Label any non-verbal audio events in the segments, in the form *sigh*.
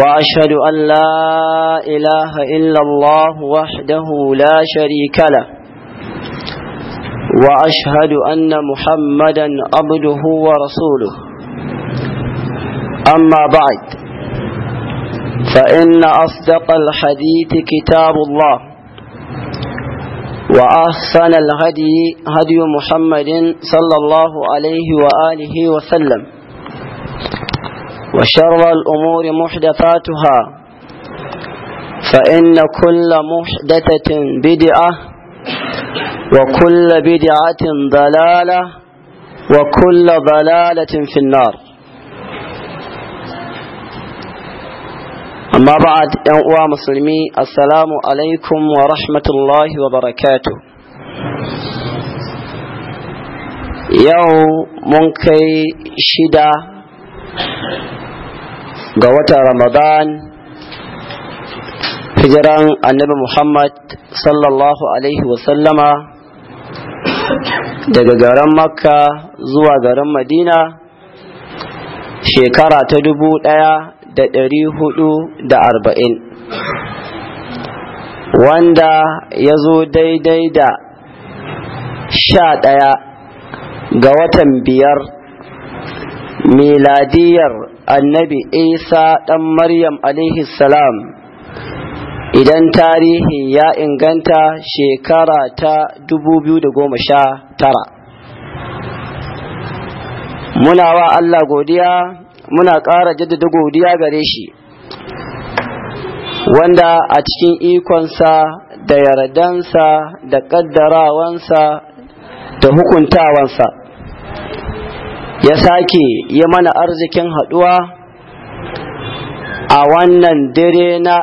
وأشهد أن لا إله إلا الله وحده لا شريك له وأشهد أن محمدا عبده ورسوله أما بعد فإن أصدق الحديث كتاب الله وأحسن الهدي هدي محمد صلى الله عليه وآله وسلم وشر الأمور محدثاتها فإن كل محدثة بدعة وكل بدعة ضلالة وكل ضلالة في النار أما بعد أنواع مسلمي السلام عليكم ورحمة الله وبركاته يوم منكي شدة ga watan ramadan hijiran annabi muhammad sallallahu alaihi wasallama daga garin makka zuwa garin madina shekara ta dubu ɗaya da ɗari hudu da arba'in wanda ya zo daidai da sha ɗaya ga watan biyar miladiyar annabi isa ɗan maryam alaihi salam idan tarihi ya inganta shekara ta 2019 muna wa allah godiya muna ƙara jaddada godiya gare shi wanda a cikin ikonsa da yardansa da ƙaddarawansa da hukuntawansa ya sake ya mana arzikin haduwa a wannan dare na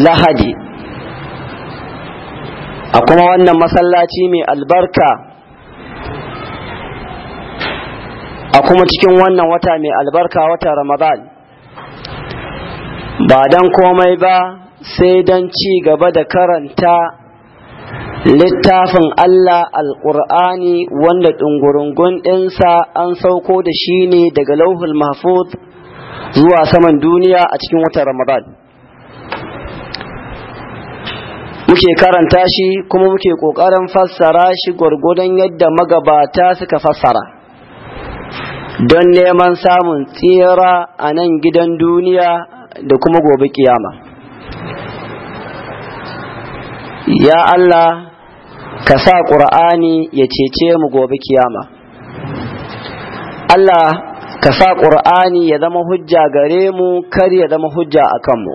lahadi a kuma wannan masallaci mai albarka a kuma cikin wannan wata mai albarka wata ramadan ba don komai ba sai don ci gaba da karanta littafin Allah alƙur'ani wanda ɗungurungun ɗinsa an sauko da shi ne daga lauhul mahfuz zuwa saman duniya a cikin watan ramadan muke karanta shi kuma muke ƙoƙarin fassara shi gwargwadon yadda magabata suka fassara don neman samun tsira a nan gidan duniya da kuma gobe kiyama ya Allah ka sa ƙur'ani ya cece mu gobe kiyama Allah ka sa ƙur'ani ya zama hujja gare mu kar ya zama hujja a kanmu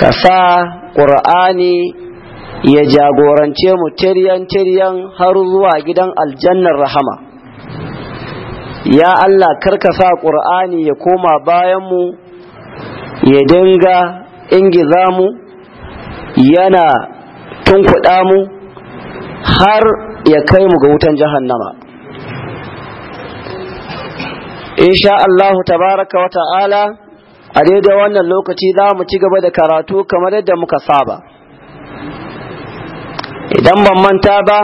ka sa ƙur'ani ya jagorance mu tiryan-tiryan har zuwa gidan aljannar rahama ya Allah karka sa ƙur'ani ya koma bayan mu ya dinga ingiza mu yana tunkuɗa mu har ya kai mu ga wutan jahannama insha Allah tabaraka wa ta'ala a daidai wannan lokaci za mu ci gaba da karatu kamar yadda muka saba idan ban manta ba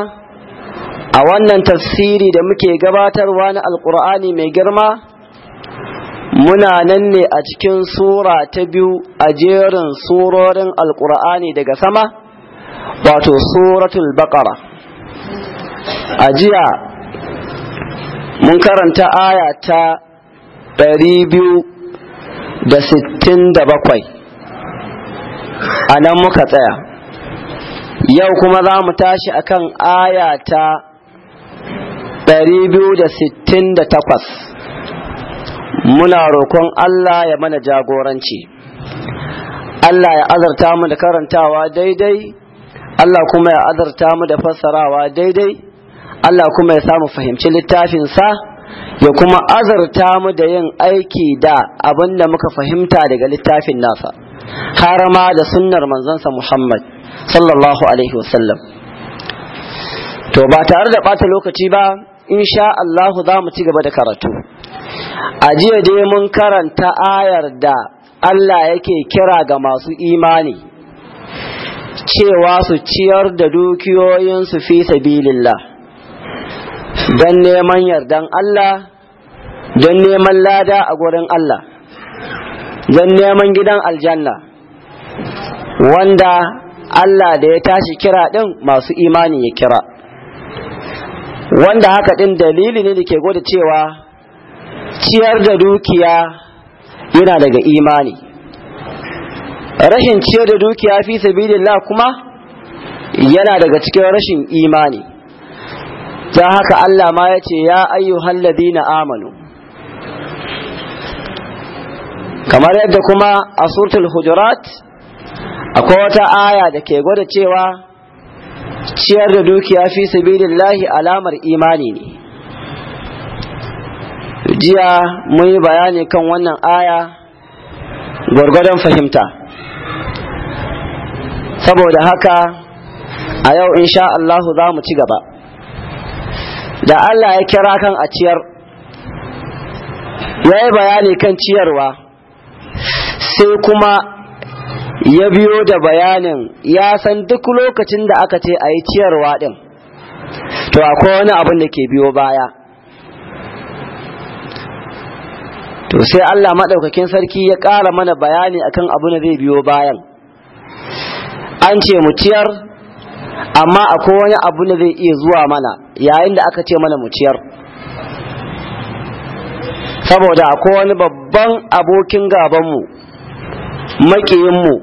a wannan tafsiri da muke gabatarwa na alkur'ani mai girma muna nan ne a cikin sura ta biyu a jerin surorin alkur'ani daga sama wato suratul baqara a jiya mun karanta aya ta 267 a nan muka tsaya yau kuma za mu tashi akan aya ta 268 muna roƙon Allah ya mana jagoranci Allah ya azarta mu da karantawa daidai Allah kuma ya azarta mu da fassarawa daidai Allah kuma ya samu fahimci littafinsa ya kuma azurta mu da yin aiki da abinda muka fahimta daga littafin nasa har ma da sunnar manzansa Muhammad sallallahu alaihi wasallam to ba tare da ɓata lokaci ba insha Allah za mu ci gaba da karatu a jiya dai mun karanta ayar da Allah yake kira ga masu imani cewa su ciyar da dukiyoyin su fi sabilillah don neman yardan Allah don neman lada a gurin Allah don neman gidan aljanna wanda Allah da ya tashi kira ɗin masu imani ya kira wanda haka ɗin dalili ne da ke gwada cewa ciyar da dukiya yana daga imani rashin ciyar da dukiya fi sabilillah kuma yana daga cikin rashin imani ta haka Allah ma ya ce ya ayyuhan ladina amanu kamar yadda kuma a surtul hujurat akwai wata aya da ke gwada cewa ciyar da dukiya fi sabilillahi alamar imani ne jiya mun yi bayani kan wannan aya gwargwadon fahimta saboda haka a yau insha Allahu za mu ci gaba da Allah ya kira kan a ciyar ya yi bayani kan ciyarwa sai kuma ya biyo da bayanin ya san duk lokacin da aka ce a yi ciyarwa ɗin to akwai wani abin da ke biyo baya to sai Allah maɗaukakin sarki ya ƙara mana bayani akan abin da zai biyo bayan an ce mu ciyar amma akwai wani abu da zai iya zuwa mana yayin da aka ce mana mu ciyar saboda akwai wani babban abokin gabanmu makiyinmu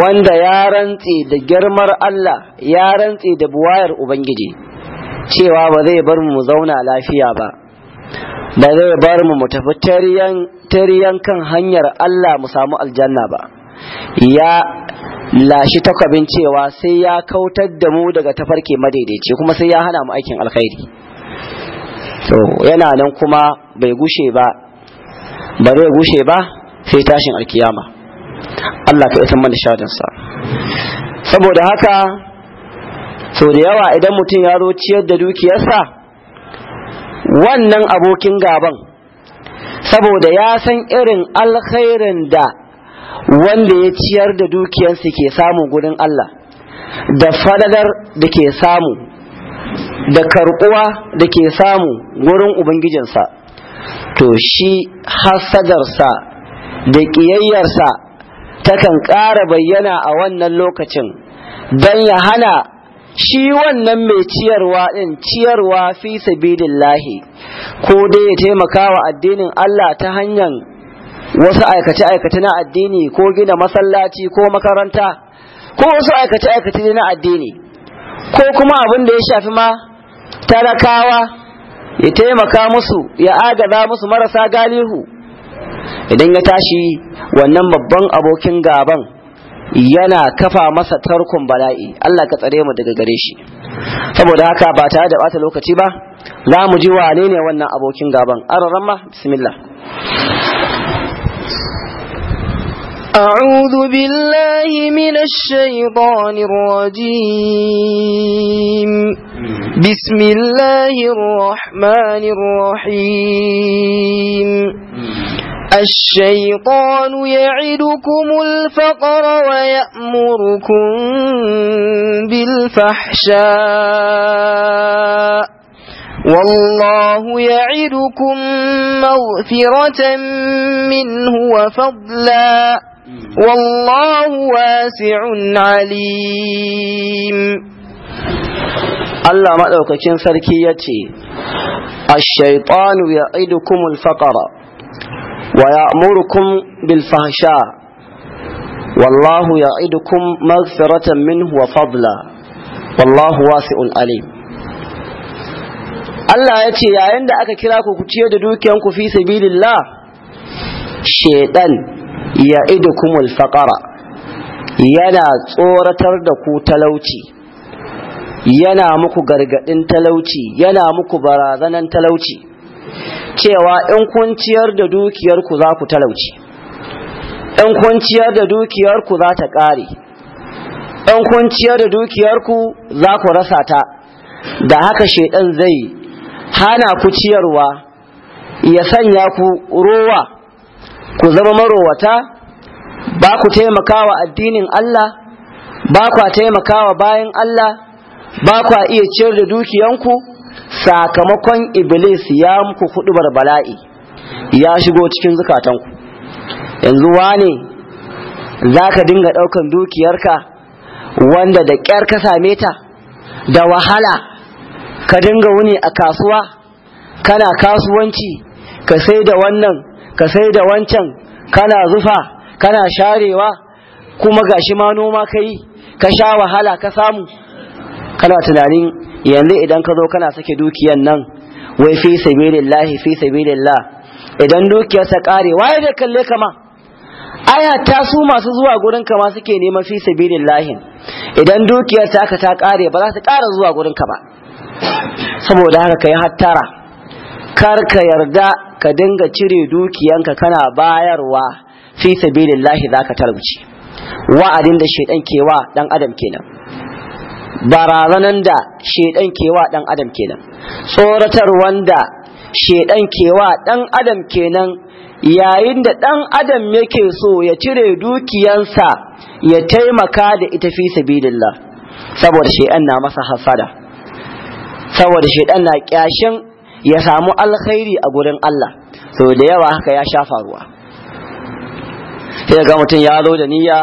wanda ya rantse da girmar Allah ya rantse da buwayar Ubangiji cewa ba zai bar mu zauna lafiya ba ba zai bar mu mu tafi tariyan kan hanyar Allah mu samu aljanna ba ya lashi takwabin cewa sai ya kautar da mu daga tafarki madaidaici kuma sai ya hana mu aikin alkhairi to yana nan kuma bai gushe ba ba zai gushe ba sai tashin alkiyama Allah ka isa mana sa saboda haka sau da yawa idan mutum ya zo ciyar da dukiyarsa wannan abokin gaban saboda ya san irin alkhairin da wanda ya ciyar da dukiyarsa ke samu gudun Allah da fadadar da ke samu da karbuwa da ke samu gurin ubangijinsa to shi hasadarsa da ƙiyayyarsa kan ƙara bayyana a wannan lokacin don ya hana shi wannan mai ciyarwa ɗin ciyarwa fi lahi ko dai ya taimaka wa addinin Allah ta hanyar wasu aikace-aikace na addini ko gina masallaci ko makaranta ko wasu aikace-aikace na addini ko kuma abin da ya shafi ma talakawa ya taimaka musu ya agaza musu marasa galihu idan ya tashi wannan babban abokin gaban yana kafa masa tarkon bala'i Allah ka tsare mu daga gare shi saboda haka ba tare da bata lokaci ba za mu ji wane ne wannan abokin gaban ararama bismillah أعوذ بالله من الشيطان الرجيم بسم الله الرحمن الرحيم الشيطان يعدكم الفقر ويأمركم بالفحشاء والله يعدكم مغفرة منه وفضلا والله واسع عليم Allah maɗaukakin sarki ya ce, Ashaitanu ya idukumul faƙara, wa ya murkum bilfahsha, wallahu ya idukum magfiratan min wa wallahu wasi'un alim. Allah ya ce, yayin da aka kira ku ku ciyar da dukiyanku fi sabilillah, shaiɗan ya idu kumul faƙara yana tsoratar da ku talauci yana muku gargaɗin talauci yana muku barazanan talauci cewa in kun ciyar da dukiyarku za ku talauci in kun ciyar da dukiyarku za ta ƙare in kun ciyar da dukiyarku za ku rasa ta da haka shaidan zai hana ku ciyarwa ya sanya ku rowa ku zama marowata ba ku taimakawa addinin Allah ba ku taimakawa bayan Allah ba ku iya ciyar da dukiyanku sakamakon iblis ya muku kudubar bala'i ya shigo cikin zukatanku yanzu wane za ka dinga ɗaukan dukiyarka wanda da ƙyar ka same ta da wahala ka dinga wuni a kasuwa kana kasuwanci ka sai da wannan ka sai da wancan kana zufa kana sharewa kuma gashi ma noma ka yi ka sha wahala ka samu kana tunanin yanzu idan ka zo kana sake dukiyan nan wai fi sabilillahi fi sabilillah idan ta kare waye da kalle kama aya ta su masu zuwa gurin ka ma suke neman fi sabilillahi idan ta aka ta kare ba za su kara zuwa gurin ka ba saboda haka kai hattara kar ka yarda ka dinga cire dukiyanka kana bayarwa fi sabilillahi zaka talauci wa'adin da shedan kewa dan adam kenan barazanan da shedan kewa dan adam kenan tsoratar wanda shedan kewa dan adam kenan yayin da dan adam yake so ya cire dukiyansa ya taimaka da ita fi sabilillah saboda shedan na masa hasada saboda shedan na kyashin ya samu alkhairi a gurin Allah so da yawa haka ya sha faruwa sai ga mutum ya zo da niyya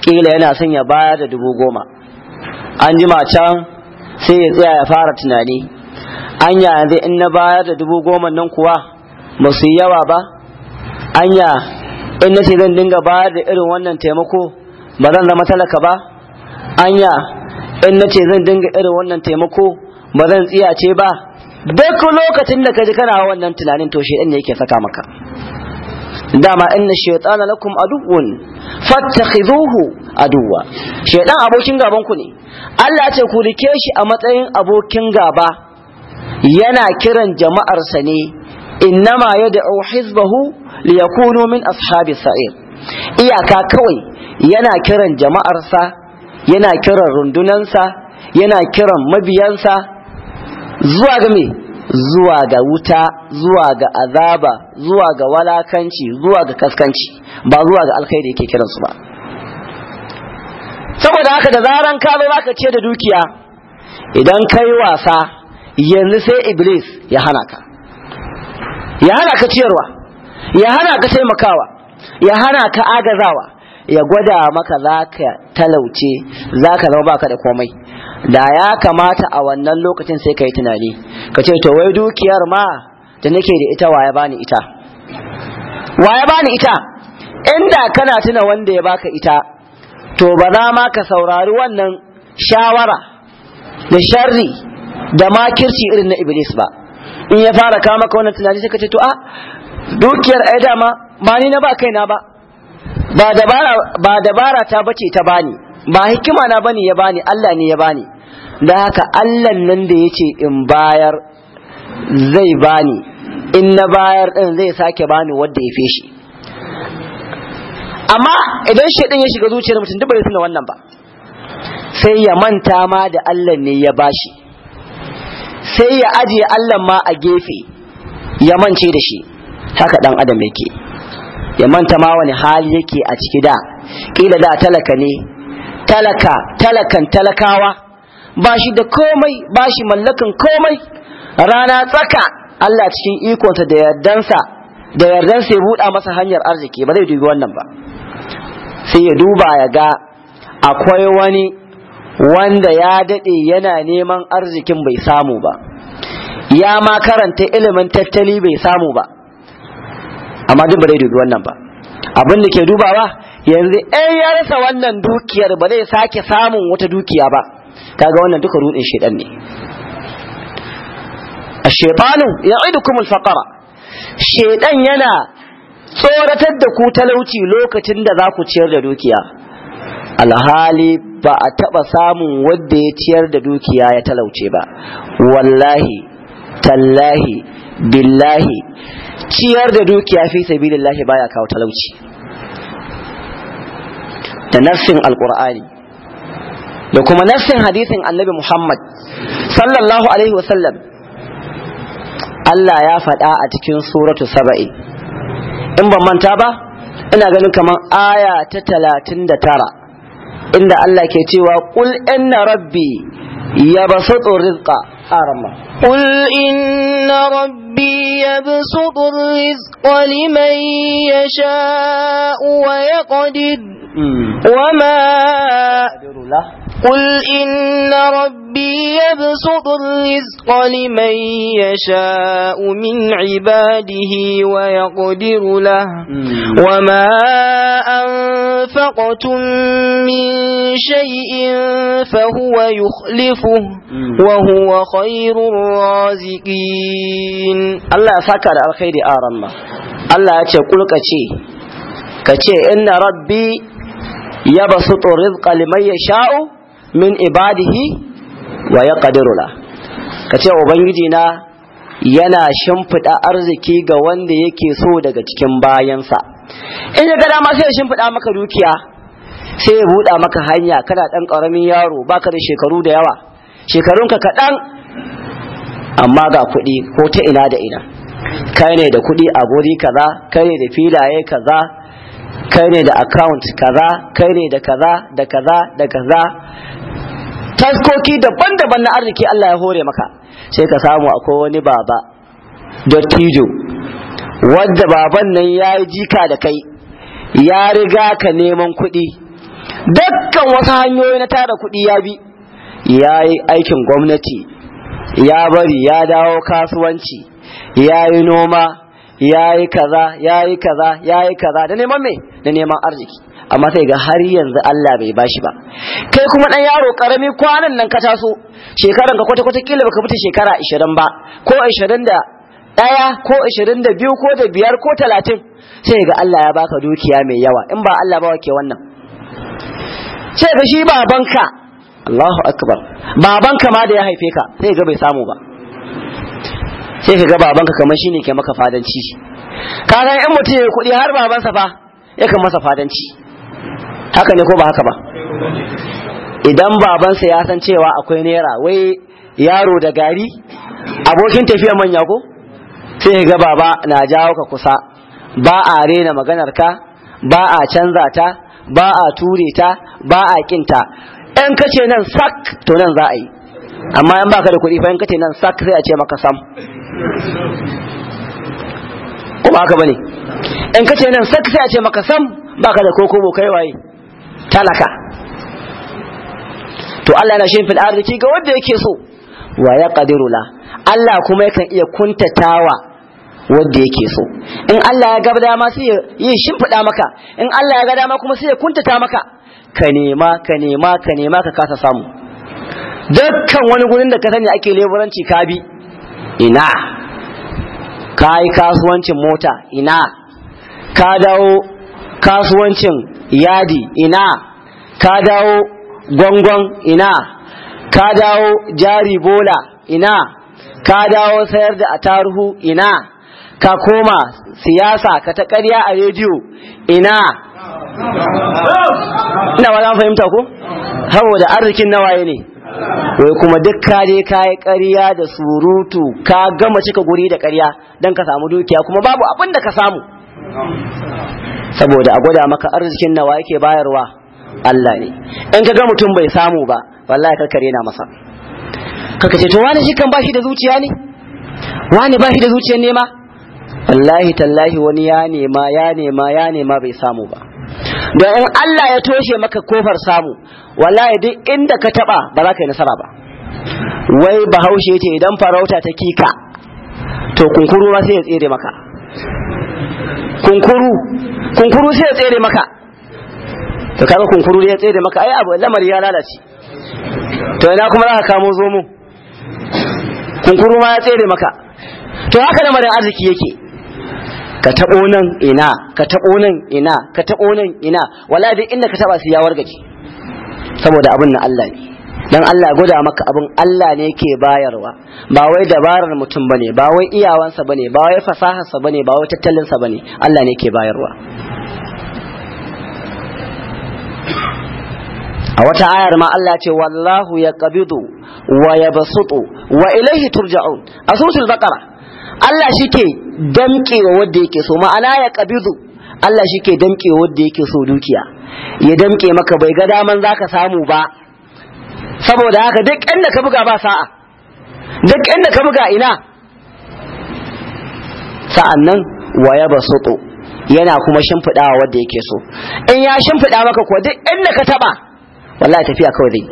kila yana son ya bayar da dubu goma an jima can sai ya tsaya ya fara tunani anya yanzu in na bayar da dubu goma nan kuwa ba su yawa ba anya in na ce zan dinga bayar da irin wannan taimako ba zan zama talaka ba anya in na ce zan dinga irin wannan taimako ba zan tsiyace ba duk lokacin da kaji kana wannan tunanin to shedan ne yake saka maka dama inna shaytana lakum aduwwun fattakhidhuhu aduwwa shedan abokin gaban ku ne Allah ce ku rike shi a matsayin abokin gaba yana kiran jama'arsa ne innama yad'u hizbahu liyakunu min ashabi sa'ir iyaka kawai yana kiran jama'arsa yana kiran rundunansa yana kiran mabiyansa zuwa ga zuwa ga wuta zuwa ga azaba zuwa ga walakanci zuwa ga kaskanci ba zuwa ga alkhairi yake kiransu ba saboda haka da zaran ka zo zaka ce da dukiya idan kai wasa yanzu sai iblis ya hana ka ya hana ka ciyarwa ya hana ka taimakawa ya hana ka agazawa ya gwada maka zaka talauce zaka zama baka da komai da ya kamata a wannan lokacin sai ka yi tunani ka ce to wai dukiyar ma da nake da ita waya bani ita waya bani ita inda kana tuna wanda ya baka ita to ba za ma ka saurari wannan shawara da sharri da makirci irin na iblis ba in ya fara kama maka wannan tunani sai ka ce to a ah, dukiyar ai dama ba ni na ba kaina ba ba dabara ta bace ta bani ba hikima na bane ya bani Allah ne ya bani da haka allan nan da ya ce in bayar zai bani in na bayar ɗin zai sake bani wadda ya fi shi amma idan shi ɗin ya shiga zuciyar mutum duk bai suna wannan ba sai ya manta ma da allan ne ya bashi sai ya ajiye allan ma a gefe ya mance da shi haka ɗan adam yake ya manta ma wani hali yake a ciki da kila da talaka ne talaka talakan talakawa ba shi da komai ba shi mallakan komai rana tsaka Allah cikin ikonta da yardansa da yardansa ya buɗa masa hanyar arziki ba zai dubi wannan ba sai ya duba ya ga akwai wani wanda ya daɗe yana neman arzikin bai samu ba ya ma karanta ilimin tattali bai samu ba amma duk ba zai dubi wannan ba abin da ke dubawa yanzu ɗan ya rasa wannan dukiyar ba zai sake samun wata dukiya ba kaga wannan duka rudin shedan ne ash-shaytanu ya'idukum al-faqra shedan yana tsoratar da ku talauci lokacin da za ku ciyar da dukiya alhali ba a taba samun wanda ya ciyar da dukiya ya talauce ba wallahi tallahi billahi ciyar da dukiya fi sabilillahi baya kawo talauci da nafsin alqur'ani da kuma nassin hadisin annabi Muhammad sallallahu alaihi wasallam Allah ya faɗa a cikin suratu saba'i in ban manta ba ina ganin kamar aya ta talatin da tara inda Allah ke cewa qul inna rabbi yabsutu rizqa قل إن ربي يبسط الرزق لمن يشاء ويقدر وما قل إن ربي يبسط الرزق لمن يشاء من عباده ويقدر له وما أنفقتم من شيء فهو يخلفه وهو خير الرازقين الله فكر الخير آرما الله يقول كتي كتي إن ربي يبسط الرزق لمن يشاء min ibadihi wa ya ƙadirula ka ce ubangiji na yana shimfiɗa arziki ga wanda yake so daga cikin bayansa in ya gada ma sai ya shimfiɗa maka dukiya sai ya buɗa maka hanya kana ɗan ƙaramin yaro baka da shekaru da yawa shekarunka kaɗan amma ga kuɗi ko ta ina da ina kai ne da kuɗi a guri kaza kai ne da filaye kaza kai ne da account kaza kai ne da kaza da kaza da kaza taskoki daban-daban na arziki Allah ya hore maka sai ka samu akwai wani baba dattijo wanda baban nan ya yi jika da kai ya riga ka neman kuɗi dukkan wasu hanyoyi na tara kuɗi ya bi ya yi aikin gwamnati ya bari ya dawo kasuwanci ya yi noma ya yi kaza ya yi kaza ya yi kaza da neman me da neman arziki amma sai ga har yanzu Allah bai bashi ba kai kuma dan yaro karami kwanan nan ka taso shekaran ka kwata kwata kila baka fita shekara 20 ba ko 20 da daya ko 22 ko da biyar ko 30 sai ga Allah ya baka dukiya mai yawa in ba Allah ba wake wannan sai ga shi babanka Allahu akbar babanka ma da ya haife ka sai ga bai samu ba sai ka ga babanka kamar shine ke maka fadanci kaga in mutum ya kuɗi har babansa fa yakan masa fadanci haka ne ko ba haka ba idan babansa ya san cewa akwai naira wai yaro da gari abokin tafiya manya ko sai ga baba na jawo ka kusa ba a rena maganar ka ba a canza ta ba a ture ta ba a kinta ɗan kace nan sak to nan za a yi amma yan baka da kuɗi fa yan kace nan sak sai a ce maka sam ko ba haka bane ɗan kace nan sak sai a ce maka sam baka da kokobo kai waye talaka to Allah yana shin fil arziki ga wanda yake so wa ya qadiru la Allah kuma yakan iya kuntatawa wanda yake so in Allah ya ga dama sai ya shimfida maka in Allah ya ga dama kuma sai ya kuntata maka ka nema ka nema ka nema ka kasa samu dukkan wani gurin da ka sani ake leburanci ka bi ina ka yi kasuwancin mota ina ka dawo kasuwancin yadi ina ka dawo gwangon ina ka dawo jari bola ina ka dawo sayar da atarhu, ina ka koma siyasa ka ta ƙarya a rediyo ina ina ba za fahimta ko da arzikin nawaye ne wai kuma duk ka ka yi ƙarya da surutu ka gama cika guri da karya don ka samu dukiya kuma babu abin da ka samu saboda a gwada maka arzikin nawa yake bayarwa Allah ne in ka ga mutum bai samu ba wallahi karkare na masa kaka ce to wani shi kan bashi da zuciya ne wani bashi da zuciyar nema wallahi tallahi wani ya nema ya nema ya nema bai samu ba don in Allah ya toshe maka kofar samu wallahi duk inda ka taba ba za ka yi nasara ba wai bahaushe ce idan farauta ta kika to kunkuru ma sai ya tsere maka kunkuru kunkuru sai ya tsere maka to kaga kunkuru ya tsere maka ai abu lamari ya lalace to ina kuma za ka kamo zomo kunkuru ma ya tsere maka to haka lamarin arziki yake ka taɓo nan ina ka taɓo nan ina ka taɓo nan ina wala duk inda ka taba su ya wargaje saboda abin na Allah ne dan Allah ya gwada maka abin Allah ne ke bayarwa ba wai dabarar mutum bane ba wai iyawansa bane ba wai fasahansa bane ba wai tattalinsa bane Allah ne ke bayarwa a wata ayar ma Allah ce wallahu ya kabidu wa ya basutu wa ilaihi turja'un a suratul baqara Allah damƙe wa wanda yake so ma'ana ya kabidu Allah shi damƙe wa wanda yake so dukiya ya damƙe maka bai ga daman zaka samu ba saboda haka duk inda ka buga ba sa'a duk inda ka buga ina sa'an nan ba ya basutu yana kuma shimfiɗawa wanda yake so in ya shimfiɗa maka ko duk inda ka taba wallahi tafiya kawai zai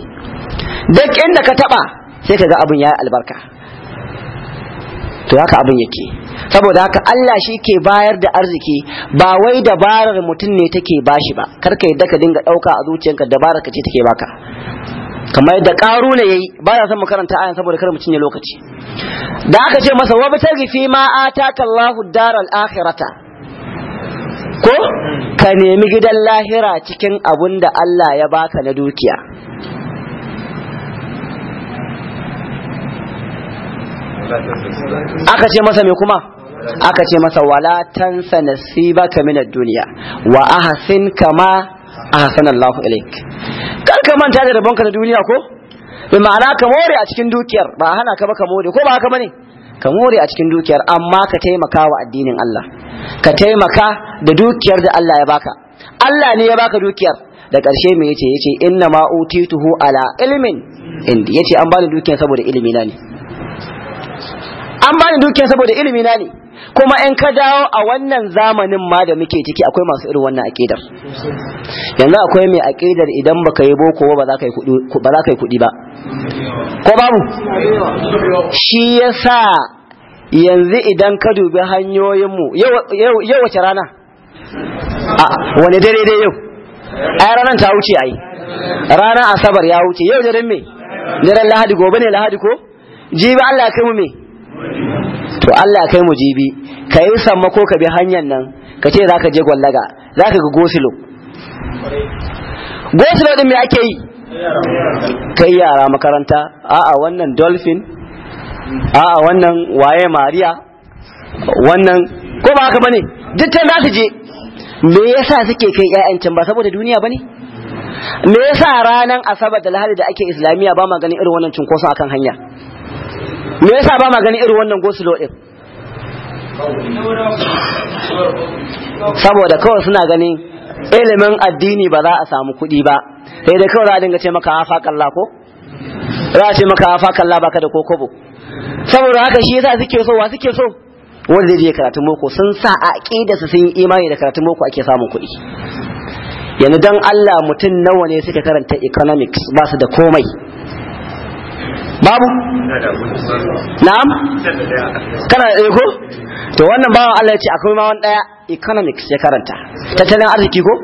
duk inda ka taba sai ka ga abin ya albarka to haka abin yake saboda haka Allah shi ke bayar da arziki ba wai dabarar mutum ne take bashi ba karka yadda ka dinga ɗauka a zuciyarka dabarar ka ce take baka kamar yadda karuna yayi ya son mu karanta ayan saboda kar mu cinye lokaci da aka ce masa wa bataghi fi ma ataka Allahu daral akhirata ko ka nemi gidan lahira cikin abun da Allah ya baka na dukiya aka ce masa me kuma aka ce masa wala tansa nasibaka minad dunya wa ahsin kama ahsanallahu ilaik kar ka manta da ka na duniya ko bi ma'ana ka more a cikin dukiyar ba hana ka ba ka more ko ba haka bane ka more a cikin dukiyar amma ka taimaka wa addinin Allah ka taimaka da dukiyar da Allah ya baka Allah ne ya baka dukiyar da ƙarshe me yace yace inna ma utituhu ala ilmin indi yace an bani dukiyar saboda ilimi na ne an bani dukiya saboda ilimi na ne kuma in ka dawo a wannan zamanin ma da muke ciki akwai masu irin wannan aƙidar yanzu akwai mai aƙidar idan baka yi boko ba za ka yi kuɗi ba ko babu shi yasa yanzu idan ka dubi hanyoyinmu yau wace rana wani dare dai yau ai ranar ta wuce ai ranar asabar ya wuce yau daren me daren lahadi gobe ne lahadi ko jibi Allah ya kai mu me to Allah kai mu jibi ka yi samma ko ka bi hanyar nan ka ce za ka je gwallaga za ka ga gosilo gosilo ɗin me ake yi kai yara makaranta a'a wannan dolphin a'a wannan waye mariya wannan ko ba haka bane duk can za su je me yasa suke kai ƴaƴan can ba saboda duniya bane me yasa ranan asabar da lahadi da ake islamiya ba ma ganin irin wannan cunkoson akan hanya me yasa ba ma gani irin wannan gosulo din saboda kawai suna ganin ilimin addini ba za a samu kuɗi ba sai dai kawai za a dinga ce maka hafa kalla ko za a ce maka hafa kalla baka da kokobo saboda haka shi yasa suke so wa suke so wanda zai je karatun boko sun sa a aqida su sun yi imani da karatun boko ake samun kuɗi yanzu dan Allah mutum nawa ne suka karanta economics ba su da komai babu na'am kana da ko to wannan bawan Allah ya ce akwai ma wani daya economics ya karanta tattalin arziki ko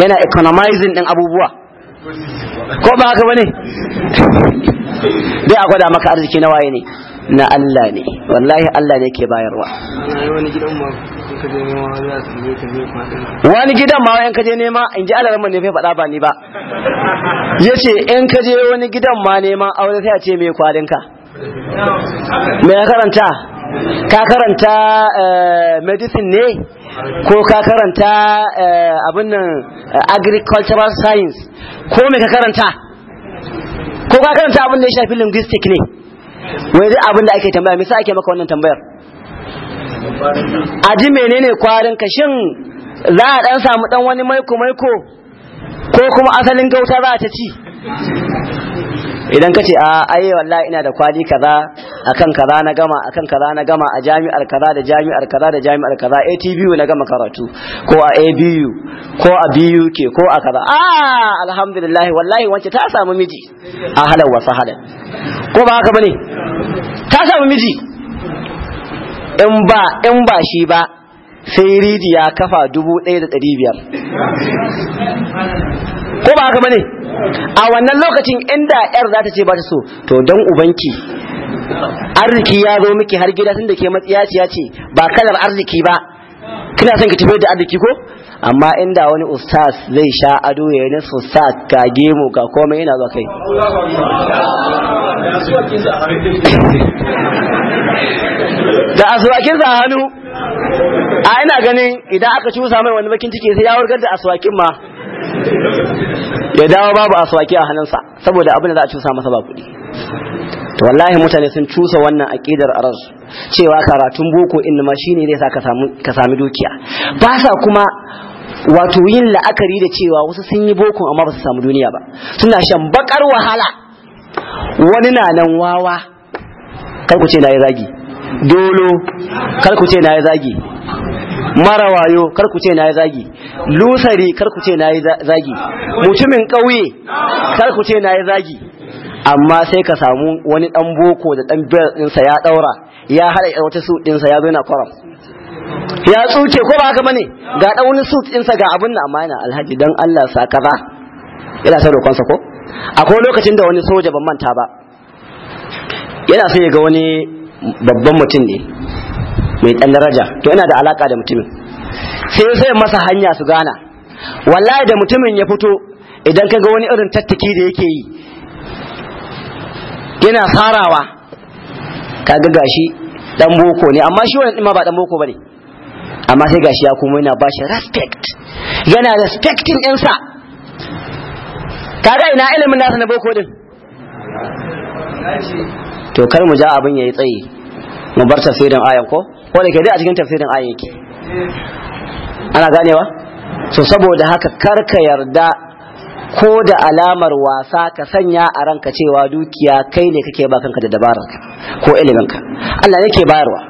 yana economizing din abubuwa ko ba haka bane dai a gwada maka arziki na waye ne na Allah ne wallahi Allah ne ke bayarwa wani gidan ma in kaje nema in ji alarmar ne fai faɗa ba ni ba yace in kaje wani gidan ma nema aure sai a ce me kwarin ka me karanta ka karanta eh, medicine ne ko ka karanta eh, abin nan eh, agricultural science ko me ka karanta ko ka karanta abin da ya shafi linguistic ne wai zai abin da ake tambaya me ake maka wannan tambayar a ji menene kwarin ka shin za a dan samu dan wani maiko maiko ko kuma asalin gauta za ta ci idan ka ce a ai wallahi ina da kwali kaza akan kaza na gama akan kaza na gama a jami'ar kaza da jami'ar kaza da jami'ar kaza ATBU na gama karatu ko a ABU ko a BUK ko a kaza ah alhamdulillah wallahi wance ta samu miji a halal wa sahalan ko ba haka bane ta samu miji in ba in ba shi ba sai ridi ya kafa dubu ɗaya da ɗari biyar ko ba haka bane a wannan lokacin inda yar za ta ce ba ta so to dan ubanki arziki ya zo miki har gida tun da ke matsiya ce ba kalar arziki ba kina son ki tafi da arziki ko amma inda wani ustaz zai sha ado ya yi sa ka gemu ka komai yana zuwa kai da aswakin sa hannu a ina ganin idan aka cusa mai wani bakin ciki sai ya wargar da aswakin ma ya dawo babu aswaki a hannunsa saboda abin da za a cusa masa ba kuɗi to wallahi mutane sun cusa wannan aqidar aras cewa karatun boko inna ma shine zai sa ka sami dukiya ba sa kuma wato yin la'akari da cewa wasu sun yi boko amma ba su samu duniya ba suna shan bakar wahala wani na nan wawa kar ku ce na yi zagi dolo kar ku ce na yi zagi marawayo kar ku ce na yi zagi lusari kar ku ce na yi zagi mutumin ƙauye kar ku ce na yi zagi amma sai ka samu wani dan boko da ɗan biyar ɗinsa ya ɗaura ya haɗa wata su ɗinsa ya zo yana kwaram ya tsuke ko ba haka bane ga dan wani su insa ga abin nan amana alhaji dan Allah sa kaza yana sa roƙon sa ko akwai lokacin da wani soja ban manta ba yana sai ga wani babban mutum ne mai ɗan daraja to yana da alaka da mutumin sai sai masa hanya su gana wallahi da mutumin ya fito idan ka ga wani irin tattaki da yake yi yana sarawa ka ga gashi dan boko ne amma shi wannan ma ba dan boko bane amma sai gashi ya kuma yana shi respect yana respecting ɗinsa kaga ina ilimin nasa na boko din to kar mu ja abin yayi tsayi mu bar tafsirin ayan ko ko da ke dai a cikin tafsirin ayan yake ana ganewa so saboda haka kar ka yarda ko da alamar wasa ka sanya a ranka cewa dukiya kai ne kake ba kanka da dabararka ko ka Allah ne bayarwa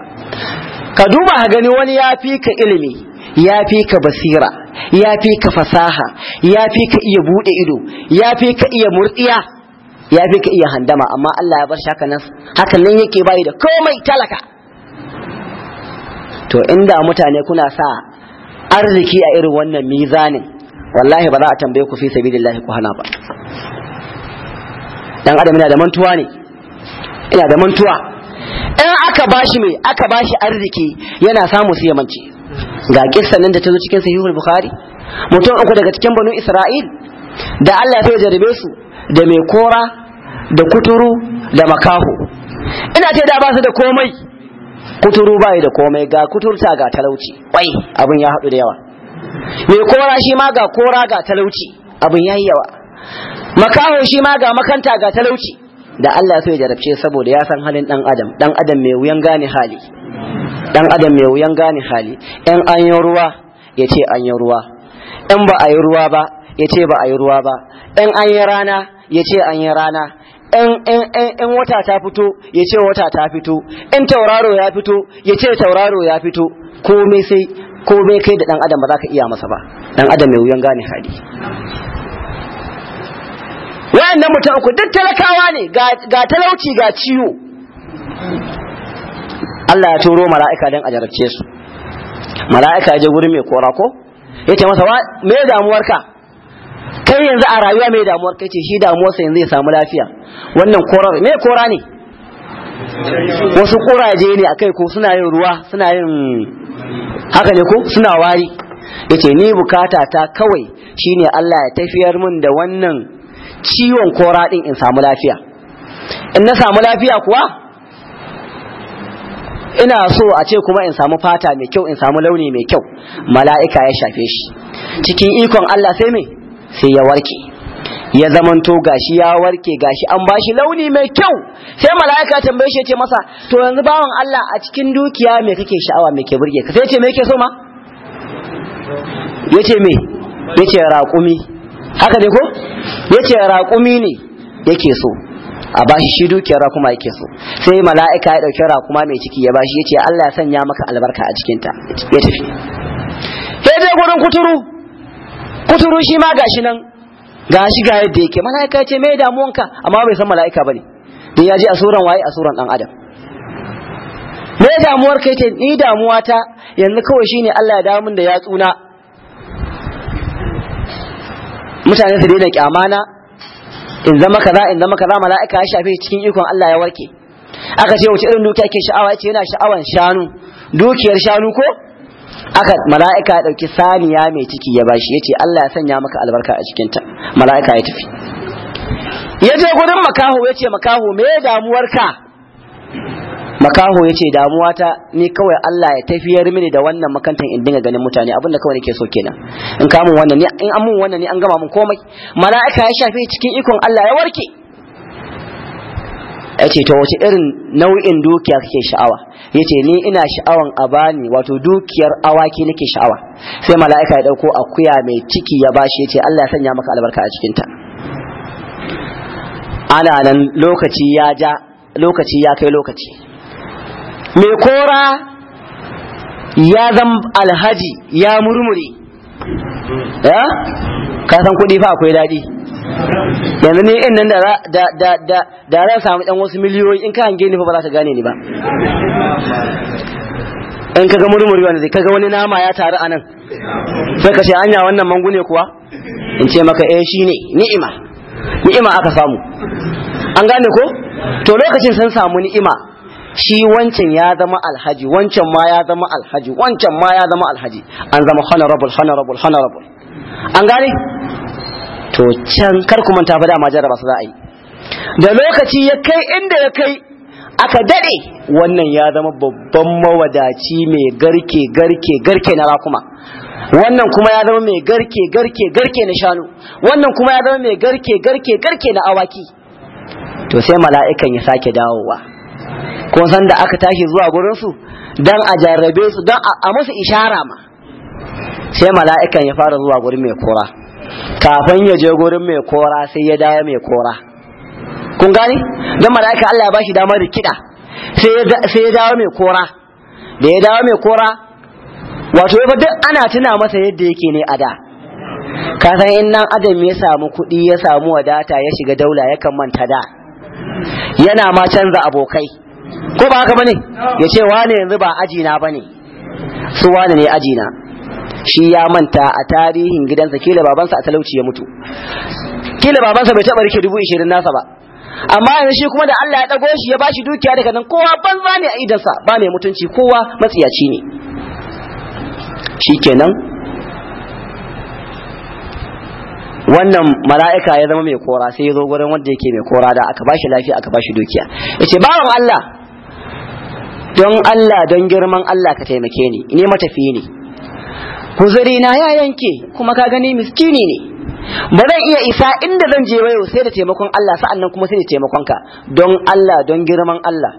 ka duba ka gani wani ya fi ka ilimi ya fi ka basira ya fi ka fasaha ya fi ka iya buɗe ido ya fi ka iya murɗiya ya fi ka iya handama amma Allah ya bar shi haka nan haka nan yake bayi da komai talaka to inda mutane kuna sa arziki a irin wannan mizanin wallahi ba za a tambaye ku fi sabilillahi ku hana ba dan adam ina da mantuwa ne ina da mantuwa in aka bashi mai aka bashi arziki yana samu sai yamanci ga kissan nan da ta zo cikin sahihul bukhari mutum uku daga cikin banu isra'il da Allah ya jarabe su da mai kora da kuturu da makaho ina ce da ba su da komai kuturu bai da komai ga kuturta ga talauci Wai abin ya haɗu da yawa mai kora shi ma ga kora ga talauci abin ya yi yawa makaho shi ma ga makanta ga talauci da Allah so ya jarabce saboda ya san halin dan adam dan adam mai wuyan gane hali dan adam mai wuyan gane hali ɗan an yi ruwa ya ce an yi ruwa ɗan ba a yi ruwa ba ya ce ba a yi ruwa ba ɗan an yi rana ya ce an yi rana in wata ta fito ya ce wata ta fito in tauraro ya fito ya ce tauraro ya fito komai sai komai kai da dan adam ba za ka iya masa ba dan adam mai wuyan gane hali wayannan mutum uku duk talakawa ne ga talauci ga ciwo Allah ya turo mala'ika dan a su mala'ika ya je gurin mai kora ko yace masa me damuwarka kai yanzu a rayuwa mai damuwar kai ce shi damuwarsa yanzu ya samu lafiya wannan korar me kora ne wasu kuraje ne a kai ko suna yin ruwa suna yin haka ne ko suna wari yace ni bukata ta kawai shine Allah ya tafiyar min da wannan ciwon kora din in samu lafiya in na samu lafiya kuwa ina so a ce kuma in samu fata mai kyau in samu launi mai kyau mala'ika ya shafe shi cikin ikon Allah sai me sai ya warke ya zamanto gashi ya warke gashi an bashi launi mai kyau sai mala'ika tambaye shi ce masa to yanzu bawan Allah a cikin dukiya me kake sha'awa me ke burge ka sai ce me yake so ma yace me yace raƙumi haka ne ko yace raƙumi ne yake so a bashi shi dukiyar raquma yake so sai mala'ika ya dauki raƙuma mai ciki ya bashi yace Allah ya sanya maka albarka a ta ya tafi sai dai gurin kuturu kuturu shi ma gashi nan gashi ga yadda yake mala'ika ce mai damuwanka amma bai san mala'ika bane dan ya je a suran waye a suran dan adam me damuwar kai ce ni damuwa ta yanzu kawai shine Allah ya dawo min da yatsuna mutane su daina kyamana in zama kaza in zama kaza mala'ika ya shafe cikin ikon Allah ya warke aka ce wace irin dukiya ke sha'awa yace yana sha'awan shanu dukiyar shanu ko aka mala'ika ya dauki saniya mai ciki ya bashi yace Allah ya sanya maka albarka a cikinta mala'ika ya tafi je gurin makaho yace makaho me damuwarka makaho yace damuwa ta ni kawai Allah ya tafiyar mini da wannan makantan in dinga ganin mutane abinda kawai nake so kenan in kamun wannan ni in an mun wannan ni an gama mun komai mala'ika ya shafe cikin ikon Allah ya warke ya ce to wace irin nau'in dukiya kake sha'awa ya ce ni ina sha'awan a bani wato dukiyar awaki nake sha'awa sai mala'ika ya ɗauko akuya mai ciki ya bashi ya ce Allah ya sanya maka albarka a cikinta ana nan lokaci ya ja lokaci ya kai lokaci mai kora ya zan alhaji ya murmure ya ka san kuɗi fa akwai daɗi yanzu ne in nan da da ran samu ɗan wasu miliyoyi in ka hange ni fa ba za ka gane ni ba in kaga murmuri wanda zai kaga wani nama ya taru a nan sai ka ce anya wannan mangu ne kuwa in ce maka eh ne, ni'ima ni'ima aka samu an gane ko to lokacin sun samu ni'ima shi wancan ya zama alhaji wancan ma ya zama alhaji wancan ma ya zama alhaji an zama honorable honorable honorable an gane to can kar ku manta fa dama jarraba su za a yi da lokaci ya kai inda ya kai aka daɗe. wannan ya zama babban mawadaci mai garke garke garke na rakuma wannan kuma ya zama mai garke garke garke na shanu wannan kuma ya zama mai garke garke garke na awaki to sai mala'ikan ya sake dawowa kun san da aka tashi zuwa gurin su dan a jarrabe su dan a musu ishara ma sai mala'ikan ya fara zuwa gurin mai kura kafin ya je gurin mai kora sai ya dawo mai kora kun gane don mala'ika Allah ya bashi damar kiɗa sai ya dawo mai kora da ya dawo mai kora wato ya duk ana tuna masa yadda yake ne a da ka san in nan adam ya samu kuɗi ya samu wadata ya shiga daula ya kan manta da yana ma canza abokai ko ba haka bane ya ce wane yanzu ba ajina bane su wane ne ajina shi ya manta a tarihin gidansa kila babansa a talauci ya mutu kila babansa bai taba rike dubu ishirin nasa ba amma yanzu shi kuma da Allah ya dago shi ya bashi dukiya daga nan kowa banza ne a idansa ba mai mutunci kowa matsiyaci ne shikenan wannan mala'ika ya zama mai kora sai ya zo gurin wanda yake mai kora da aka bashi lafiya aka bashi dukiya yace bawan Allah don Allah don girman Allah ka taimake ni ne matafi ne kuzari na ya yanke kuma ka gani miskini ne ba zan iya isa inda zan je wayo sai da taimakon Allah sa'annan kuma sai da taimakon ka don Allah don girman Allah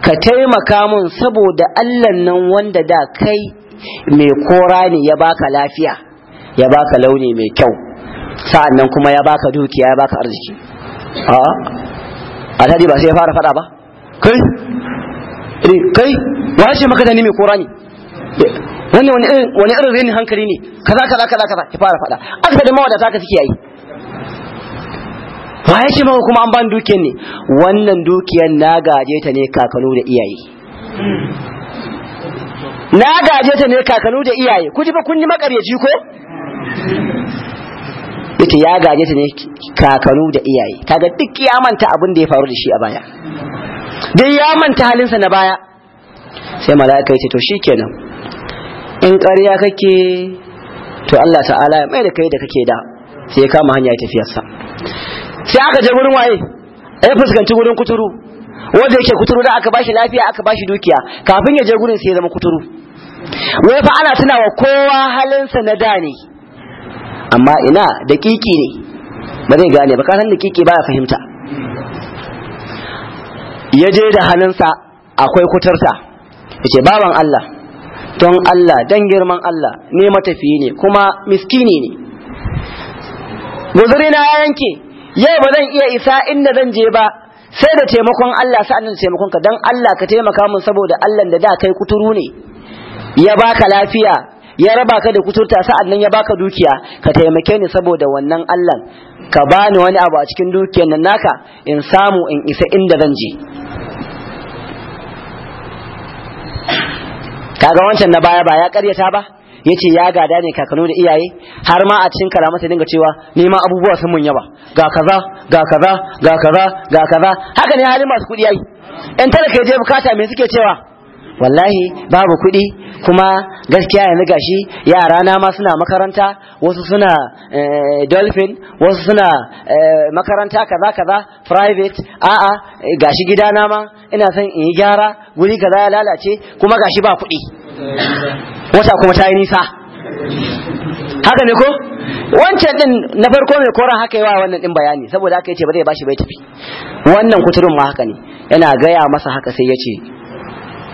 ka taimaka mun saboda Allah nan wanda da kai mai kora ne ya baka lafiya ya baka launi mai kyau sa'annan kuma ya baka dukiya ya baka arziki a tadi ba sai ya fara fada ba kai eh, kai wa shi maka da ni mai kora ne wani wani irin wani irin rini hankali ne kaza kaza kaza kaza ki fara faɗa aka da mawadata ka suke yi ba ya ce kuma an ban dukiyar ne wannan dukiyar na gaje ta ne kakanu da iyaye na gaje ta ne kakanu da iyaye ku ji ba kun yi makaryaci ko ita ya gaje ta ne kakanu da iyaye kaga duk ya manta abin da ya faru da shi a baya dai ya manta halinsa na baya sai mala'ika ya ce to shikenan in ƙarya kake to Allah ta'ala ya mai da kai da kake da sai ya kama hanya ya tafiyarsa sai aka je gurin waye ya fuskanci gurin kuturu wanda yake kuturu da aka bashi lafiya aka bashi dukiya kafin ya je gurin sai ya zama kuturu wai fa ana wa kowa halinsa na da ne amma ina dakiki ne ba zai gane ba ka san dakiki ba ya fahimta ya je da sa akwai kuturta ya ce baban Allah don Allah don girman Allah ne matafiyi ne kuma miskini ne guzuri na ya yanke yau ba zan iya isa inda zan je ba sai da taimakon Allah sa'an da taimakon ka don Allah ka taimaka mun saboda Allah da da kai kuturu ne ya baka lafiya ya raba ka da kuturta sa'an nan ya baka dukiya ka taimake ni saboda wannan Allah ka bani wani abu a cikin dukiyar nan naka in samu in isa inda zan je kaga wancan na baya ba ya karyata ba yace ya gada ne kakanu da iyaye har ma a cikin kalamar sai dinga cewa ni ma abubuwa sun mun ba ga kaza ga kaza ga kaza ga kaza haka ne halin masu kudi yayi in talaka je bukata me suke cewa wallahi babu kuɗi kuma gaskiya yanzu gashi yara na ma suna makaranta wasu suna eh, dolphin wasu suna eh, makaranta kaza kaza private a'a gashi gida na ma ina son in yi gyara guri kaza ya lalace kuma gashi ba kuɗi wata kuma ta yi nisa haka ne ko wancan din na farko mai koran haka yawa wannan din bayani saboda haka yace ba zai bashi bai tafi wannan kuturin ma haka ne yana gaya masa haka sai yace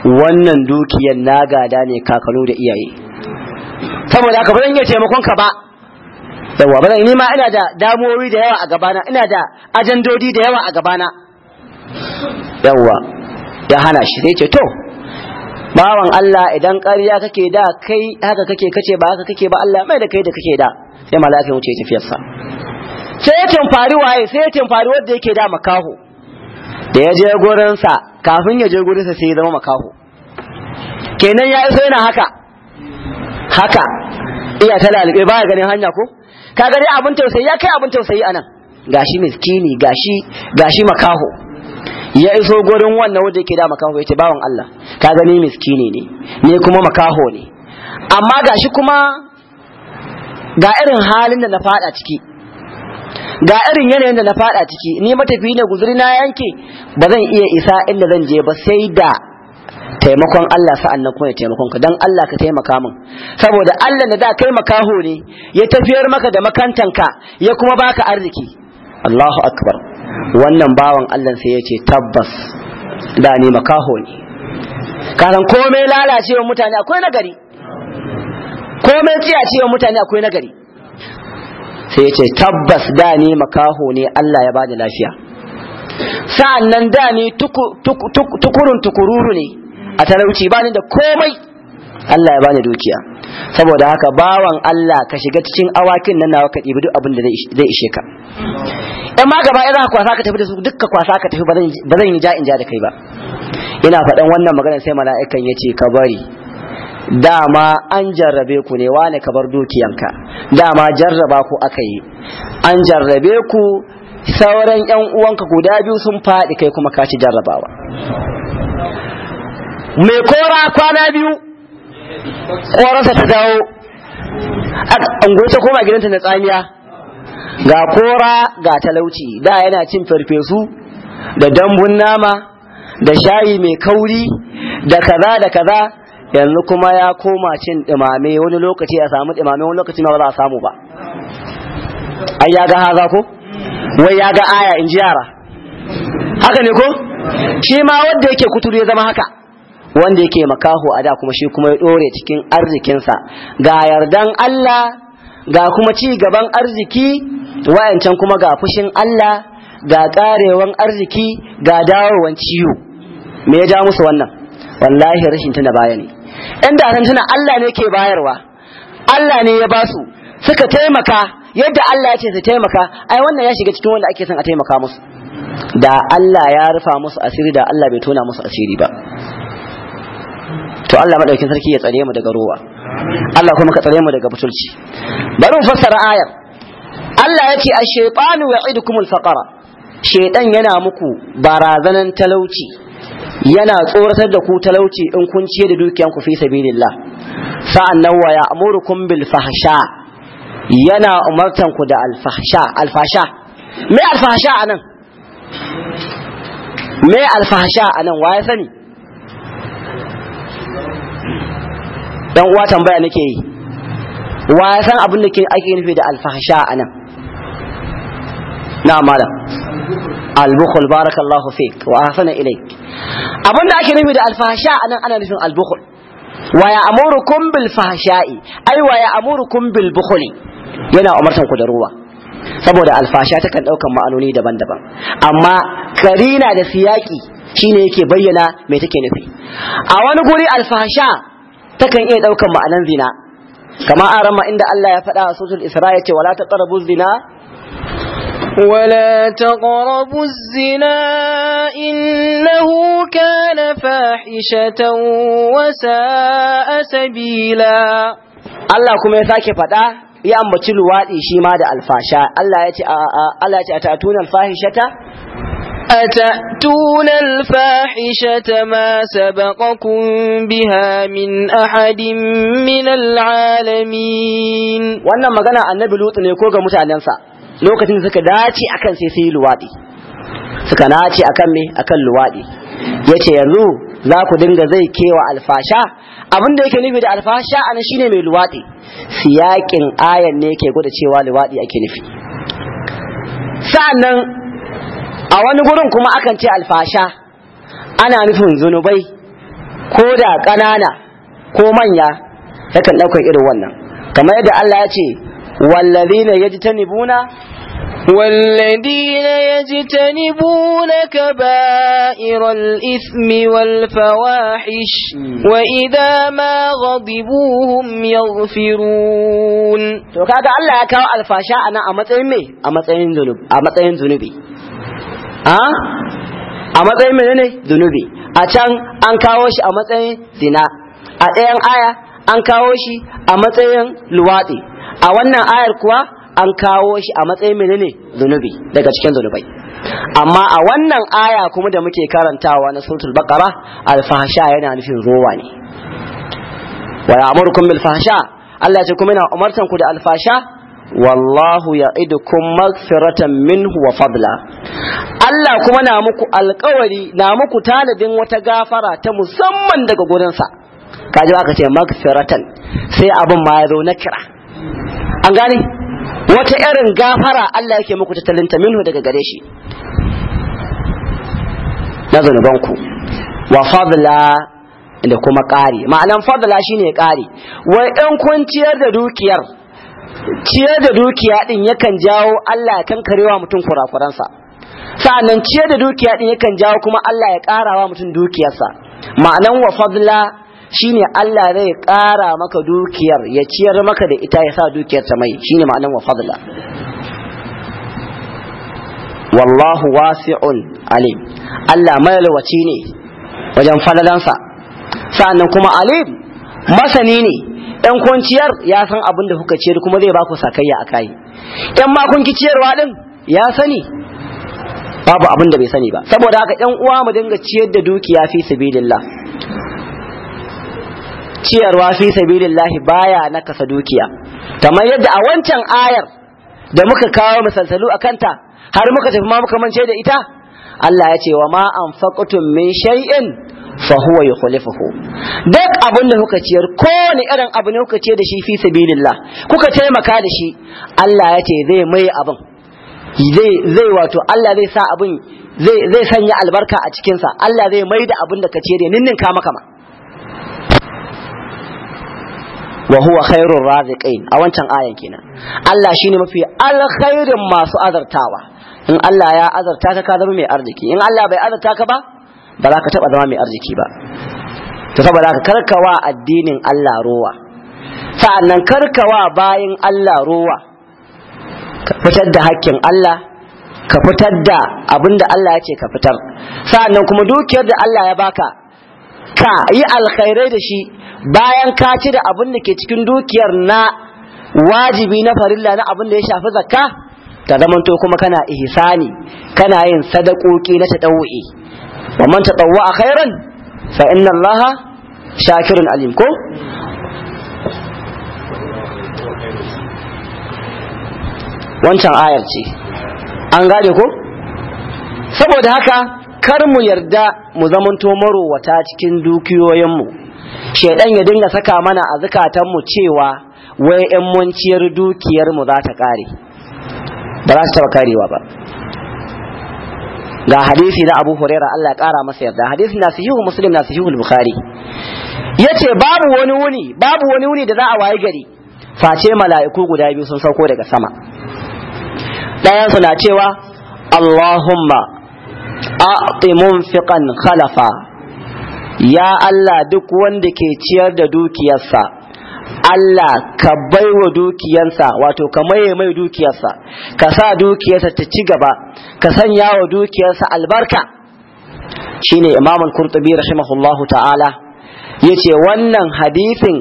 wannan dukiyar na gada ne kakanu da iyaye saboda aka ba zan iya taimakon ka ba yawa ba ni ma ina da damuwoyi da yawa a gabana ina da ajandodi da yawa a gabana yawa ya hana shi sai ce to bawan Allah idan ƙarya kake da kai haka kake kace ba haka kake ba Allah mai da kai da kake da sai ya wuce tafiyarsa sai ya tamfari waye sai ya tamfari wanda yake da makaho da ya je gurinsa kafin ya je gurinsa sai ya zama makaho kenan ya iso yana haka haka iya ta lalube ba ganin hanya ko ka gani abin tausayi ya kai abin tausayi anan gashi miskini gashi gashi makaho ya iso gurin wannan wanda yake da makaho yace bawan Allah ka gani miskini ne ne kuma makaho ne amma gashi kuma ga irin halin da na fada ciki ga irin yanayin da na fada ciki ni matafi ne guzuri na yanke ba zan iya isa inda zan je ba sai da taimakon Allah sa'an nan kuma taimakon ka dan Allah ka taimaka min saboda Allah da da kai makaho ne ya tafiyar maka da makantanka ya kuma baka arziki Allahu akbar wannan bawan Allah sai ya ce tabbas da ni makaho ne karan komai lalacewa mutane akwai nagari komai tsiyacewa mutane akwai nagari sai ya ce tabbas da ni makaho ne Allah ya bani lafiya sa'an nan da ni tukurun tukururu ne a talauci bani da komai Allah ya bani dukiya saboda haka bawan Allah ka shiga cikin awakin nan nawa ka ɗibi duk abin da zai ishe ka ɗan ma gaba ya za ka kwasa ka tafi da su dukka kwasa ka tafi ba zan yi ja in ja da kai ba ina faɗan wannan magana sai mala'ikan ya ce ka bari dama an jarrabe ku ne wane ka bar dukiyanka dama jarraba ku aka yi an jarrabe ku sauran yan uwanka guda biyu sun faɗi kai kuma ka ci jarrabawa mai kora kwana biyu korarsa ta dawo angulu ta koma gidanta na tsamiya ga kora ga talauci da yana cin farfesu da dambun nama da shayi mai kauri da kaza da kaza yanzu kuma ya koma cin ɗimame wani lokaci a samu ɗimame wani lokaci ma ba za a samu ba ai ya ga haza ko wai ya ga aya in ji yara haka ne ko shi ma wanda yake kuturu ya zama haka wanda yake makaho a da kuma shi kuma ya dore cikin arzikinsa ga yardan Allah ga kuma ci gaban arziki wayancan kuma ga fushin Allah ga ƙarewan arziki ga dawowan ciwo me ya ja musu wannan wallahi rashin tuna baya ne 'yan da nan tana Allah ne ke bayarwa Allah ne ya ba su suka taimaka yadda Allah ya ce su taimaka ai wannan ya shiga cikin wanda ake son a taimaka musu da Allah ya rufa musu asiri da Allah bai tona musu asiri ba to Allah madaukin sarki ya tsare mu daga rowa Allah kuma ka tsare mu daga butulci bari mu fassara ayar Allah ya ce ash-shaytanu ya'idukumul faqara shaytan yana muku barazanan talauci yana tsoratar da ku talauci in kun ce da dukiyanku fi sabilillah sa'annan wa amurukum bil fahsha yana umartan ku da al fahsha al fahsha me al fahsha anan me al fahsha anan wa ya sani dan uwa tambaya nake yi wa ya san abin da ke ake nufi da al fahsha anan na malam Albukhul barakallahu fik wa ahsana ilayk da ake nufi da al anan ana nufin albukhul. bukhul wa ya'murukum bil fahsha'i ay wa ya'murukum bil bukhli yana umartan ku da ruwa saboda alfasha takan daukan ma'anoni daban-daban amma karina da siyaki shine yake bayyana me take nufi a wani guri ta takan iya daukan ma'anan zina kama a rama inda Allah ya faɗa a suratul Isra ya ce wala taqrabu zina ولا تقربوا الزنا إنه كان فاحشة وساء سبيلا Allah kuma ya sake faɗa ya ambaci luwaɗi shi ma da alfasha Allah ya ce a Allah ya ce atatuna alfahishata atatuna alfahishata ma sabaqakum biha min ahadin min alalamin wannan magana annabi Lutse ne ko ga mutanensa lokacin da suka dace akan sai sai luwaɗi suka nace akan me akan luwaɗi yace yanzu za ku dinga zai kewa alfasha abin da yake nufi da alfasha anan shine mai luwaɗi siyakin ayan ne yake gwada cewa luwaɗi ake nufi sa'annan a wani gurin kuma akan ce alfasha ana nufin zunubai ko da ƙanana ko manya yakan ɗaukar irin wannan kamar yadda Allah ya ce wallazina yajtanibuna والذين يجتنبون كبائر الإثم والفواحش وإذا ما غضبوهم يغفرون to kaga Allah ya kawo alfasha anan a matsayin me a matsayin zunubi a matsayin zunubi a zunubi a can an kawo shi a matsayin zina a ɗayan aya an kawo shi a matsayin luwaɗi a wannan ayar kuwa an kawo shi a matsayin menene zunubi daga cikin zunubai amma a wannan aya kuma da muke karantawa na suratul baqara alfasha yana nufin rowa ne wa ya'murukum bil fahsha Allah ya ce kuma yana umartan ku da alfasha wallahu ya'idukum maghfiratan minhu wa fadla Allah kuma na muku alƙawari na muku tanadin wata gafara ta musamman daga gurinsa kaji aka ce maghfiratan sai abin ma ya zo na kira an gane wata irin gafara Allah yake muku tattalinta minhu daga gare shi na zanubanku wa fadla da kuma ƙari ma'anan fadla shine ƙari wai in kun ciyar da dukiyar ciyar da dukiya din yakan jawo Allah ya kankarewa mutum kurakuransa sa'annan ciyar da dukiya din yakan jawo kuma Allah ya ƙarawa mutum dukiyarsa ma'anan wa fadla shine Allah zai ƙara maka dukiyar ya ciyar maka da ita ya sa dukiyar ta mai shine ma'anar wa fadla wallahu wasi'un alim Allah mayalwaci ne wajen falalansa sa'annan kuma alim masani ne ɗan kunciyar ya san abin da kuka ciyar kuma zai baku sakayya a kai ɗan ma kun ciyarwa ɗin ya sani babu abin da bai sani ba saboda haka ɗan uwa mu dinga ciyar da dukiya fi sabilillah ciyarwa fi sabilillahi baya nakasa dukiya kamar yadda a wancan ayar da muka kawo misalsalu a kanta har muka tafi ma muka mance da ita Allah ya ce wa ma anfaqtum min shay'in fa huwa yukhlifuhu duk abin da kuka ciyar ne irin abu ne kuka ce da shi fi sabilillah kuka taimaka da shi Allah ya ce zai mai abin zai zai wato Allah zai sa abin zai zai sanya albarka a cikin sa Allah zai mai da abin da ka ciyar ninninka maka ma wa huwa khairur raziqin a wancan ayan kenan Allah shine mafi alkhairin masu azartawa in Allah ya azarta ka ka zama mai arziki in Allah bai azarta ka ba ba za ka taba zama mai arziki ba to saboda ka karkawa addinin Allah rowa sa'annan karkawa bayin Allah ruwa ka fitar da hakkin Allah ka fitar da abinda Allah ya ce ka fitar sa'annan kuma dukiyar da Allah ya baka ka yi alkhairai da shi bayan ka ci da abin da ke cikin dukiyar na wajibi na farilla na abin da ya shafi zakka ta zamanto kuma kana ihsani kana yin sadakoki na tadawu'i wa man tatawwa khairan fa inna allaha shakirun alim ko wancan ayar ce an gane ko saboda haka kar mu yarda mu zamanto marowata cikin dukiyoyinmu shaidan ya dinga saka mana a zukatanmu cewa wai in mun ciyar dukiyarmu za ta kare ba za su taɓa karewa ba ga hadisi na abu huraira Allah ya ƙara masa yarda hadisi na su sahihu musulun na su bukari Ya ce babu wani wuni babu wani wuni da za a waye gari face mala'iku guda biyu sun sauko daga sama ɗayan su na cewa Allahumma a'ti munfiqan khalafa ya Allah duk wanda ke ciyar da dukiyarsa Allah ka baiwa dukiyarsa wato ka maye mai dukiyarsa ka sa dukiyarsa ta ci gaba ka sanya wa dukiyarsa albarka shine Imam Al-Qurtubi rahimahullahu ta'ala yace wannan hadisin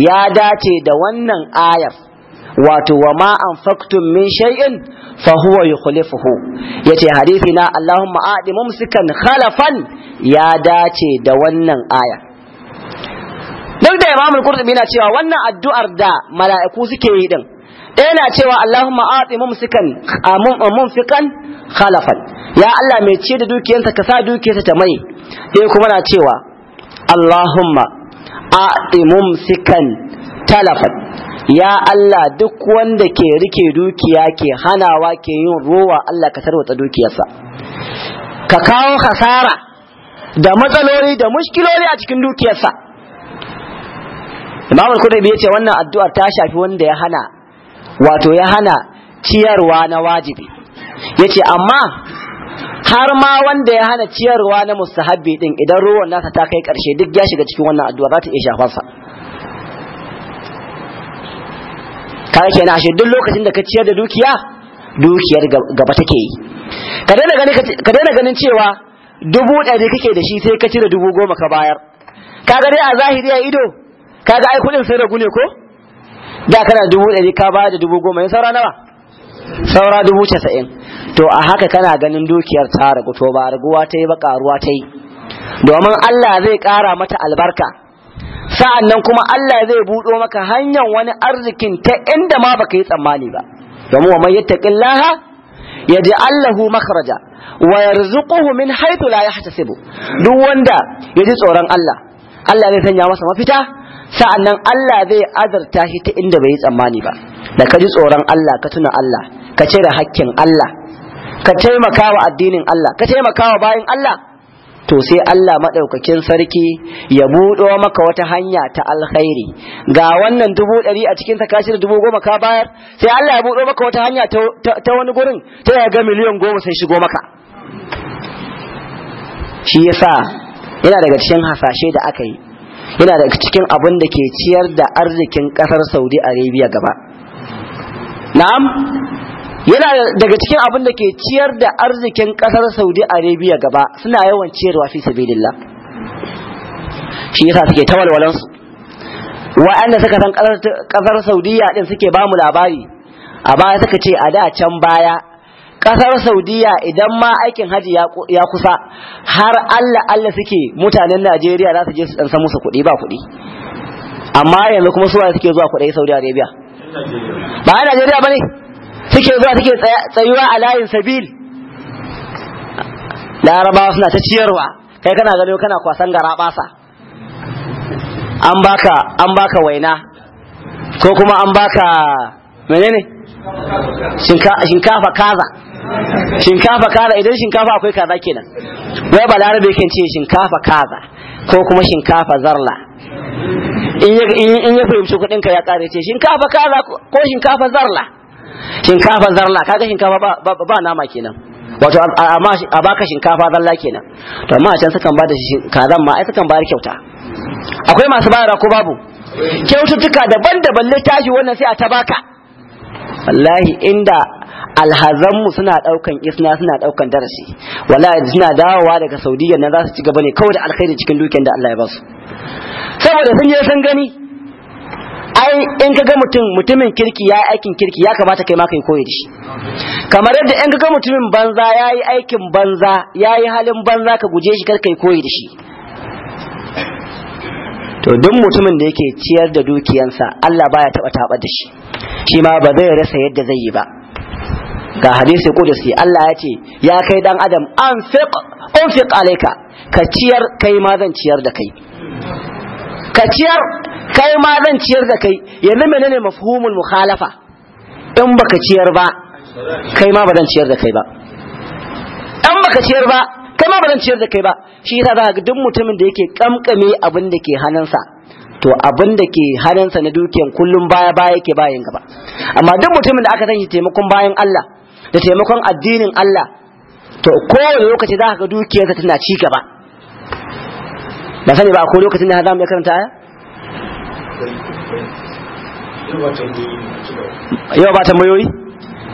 ya dace da wannan ayar wato wa ma anfaqtum min shay'in fa huwa yukhlifuhu yace hadisi na Allahumma a'di mumsikan khalafan ya dace da wannan aya duk da imam al-qurtubi na cewa wannan addu'ar da mala'iku suke yi din ɗaya na cewa Allahumma amun mumsikan mumfikan khalafan ya Allah mai ce da dukiyarsa ka sa dukiyarsa ta mai ɗaya kuma na cewa Allahumma aati mumsikan talafan ya Allah duk wanda ke rike dukiya ke hanawa ke yin rowa Allah ka tarwata dukiyarsa ka kawo khasara da matsaloli da mushkiloli a cikin dukiyarsa imam al-qurtubi yace wannan addu'a ta shafi wanda ya hana wato ya hana ciyarwa na wajibi yace amma har ma wanda ya hana ciyarwa na mustahabbi din idan ruwan nasa ta kai karshe duk ya shiga cikin wannan addu'a za ta iya shafarsa yake kenan shi duk lokacin da ka ciyar da dukiya dukiyar gaba take yi ka daina ganin cewa dubu ɗari kake da shi sai ka cire dubu goma ka bayar Ka dai a zahiri a ido Ka ga ai kuɗin sai ragu ne ko da kana dubu ɗari ka bayar da dubu goma yin saura nawa saura dubu casa'in to a haka kana ganin dukiyar ta ragu to ba raguwa ta yi ba ƙaruwa ta yi domin Allah zai ƙara mata albarka sa'an nan kuma Allah zai buɗo maka hanyar wani arzikin ta inda ma baka yi tsammani ba domin wa man yattaqillaha yaj'al Allahu makhraja wa yarzuquhu min haythu la yahtasibu duk wanda ya ji tsoron Allah Allah zai sanya masa mafita sa'annan Allah zai azarta shi ta inda bai yi tsammani ba da ka ji tsoron Allah ka tuna Allah ka cire hakkin Allah ka taimaka wa addinin Allah ka taimaka wa bayin Allah to sai Allah maɗaukakin sarki ya buɗo maka wata hanya ta alkhairi ga wannan dubu ɗari a cikin kashi da dubu goma ka bayar sai Allah ya buɗo maka wata hanya ta wani gurin ta ya ga miliyan goma sai shigo maka shi yasa yana daga cikin hasashe da aka yi yana daga cikin abin da ke ciyar da arzikin ƙasar saudi arabia gaba na'am yana daga cikin abin da ke ciyar da arzikin kasar saudi arabia gaba suna yawan ciyarwa fi sabilillah shi yasa suke tawalwalan su wa'anda suka san kasar saudiya din suke bamu mu labari a baya suka ce a da can baya kasar saudiya idan ma aikin haji ya kusa har allah allah suke mutanen najeriya za su je su dan san musu kuɗi ba kuɗi amma yanzu kuma suke zuwa kuɗi saudi arabia ba a najeriya ba ne suke zuwa suke tsayuwa a layin sabil larabawa suna ta ciyarwa kai kana gado kana kwasan gara basa an baka an baka waina ko kuma an baka menene shinkafa kaza shinkafa kaza idan shinkafa akwai kaza kenan wai larabe kan ce shinkafa kaza ko kuma shinkafa zarla in ya fahimci ka ya kare ce shinkafa kaza ko shinkafa zarla shinkafa zarla kaga shinkafa ba ba nama kenan wato a baka shinkafa zalla kenan to amma a can sukan bada shi kazan ma ai sukan bayar kyauta akwai masu bayarwa ko babu kyaututtuka daban-daban littafi wannan sai a ta baka wallahi inda alhazanmu suna daukan isna suna daukan darasi wallahi suna dawowa daga saudiya na za su ci gaba ne kawai da alkhairi cikin dukiyar da Allah ya ba su saboda sun je sun gani ai in kaga mutum mutumin kirki yi aikin kirki ya kamata kai ma kai koyi da shi kamar yadda in ka ga mutumin banza yayi aikin banza yayi halin banza ka guje shi kar kai koyi da shi to duk mutumin da yake ciyar da dukiyansa Allah baya taba taba da shi shi ma ba zai rasa yadda zai yi ba ga hadisi kudusi Allah ya ce ya kai dan adam anfiq unfiq alayka ka ciyar kai ma zan ciyar da kai ka ciyar kai ma zan ciyar da kai yanzu menene mafhumul mukhalafa in baka ciyar ba kai ma ba ciyar da kai ba dan baka ciyar ba kai ma ba ciyar da kai ba shi yasa za ka duk mutumin da yake kamkame abin da ke hannunsa to abin da ke hannunsa na dukiyan kullum baya baya yake bayan gaba amma duk mutumin da aka san shi taimakon bayan Allah da taimakon addinin Allah to kowane lokaci za ka ga dukiyarsa tana ci gaba ba sani ba ko lokacin da za mu karanta aya yau ba tambayoyi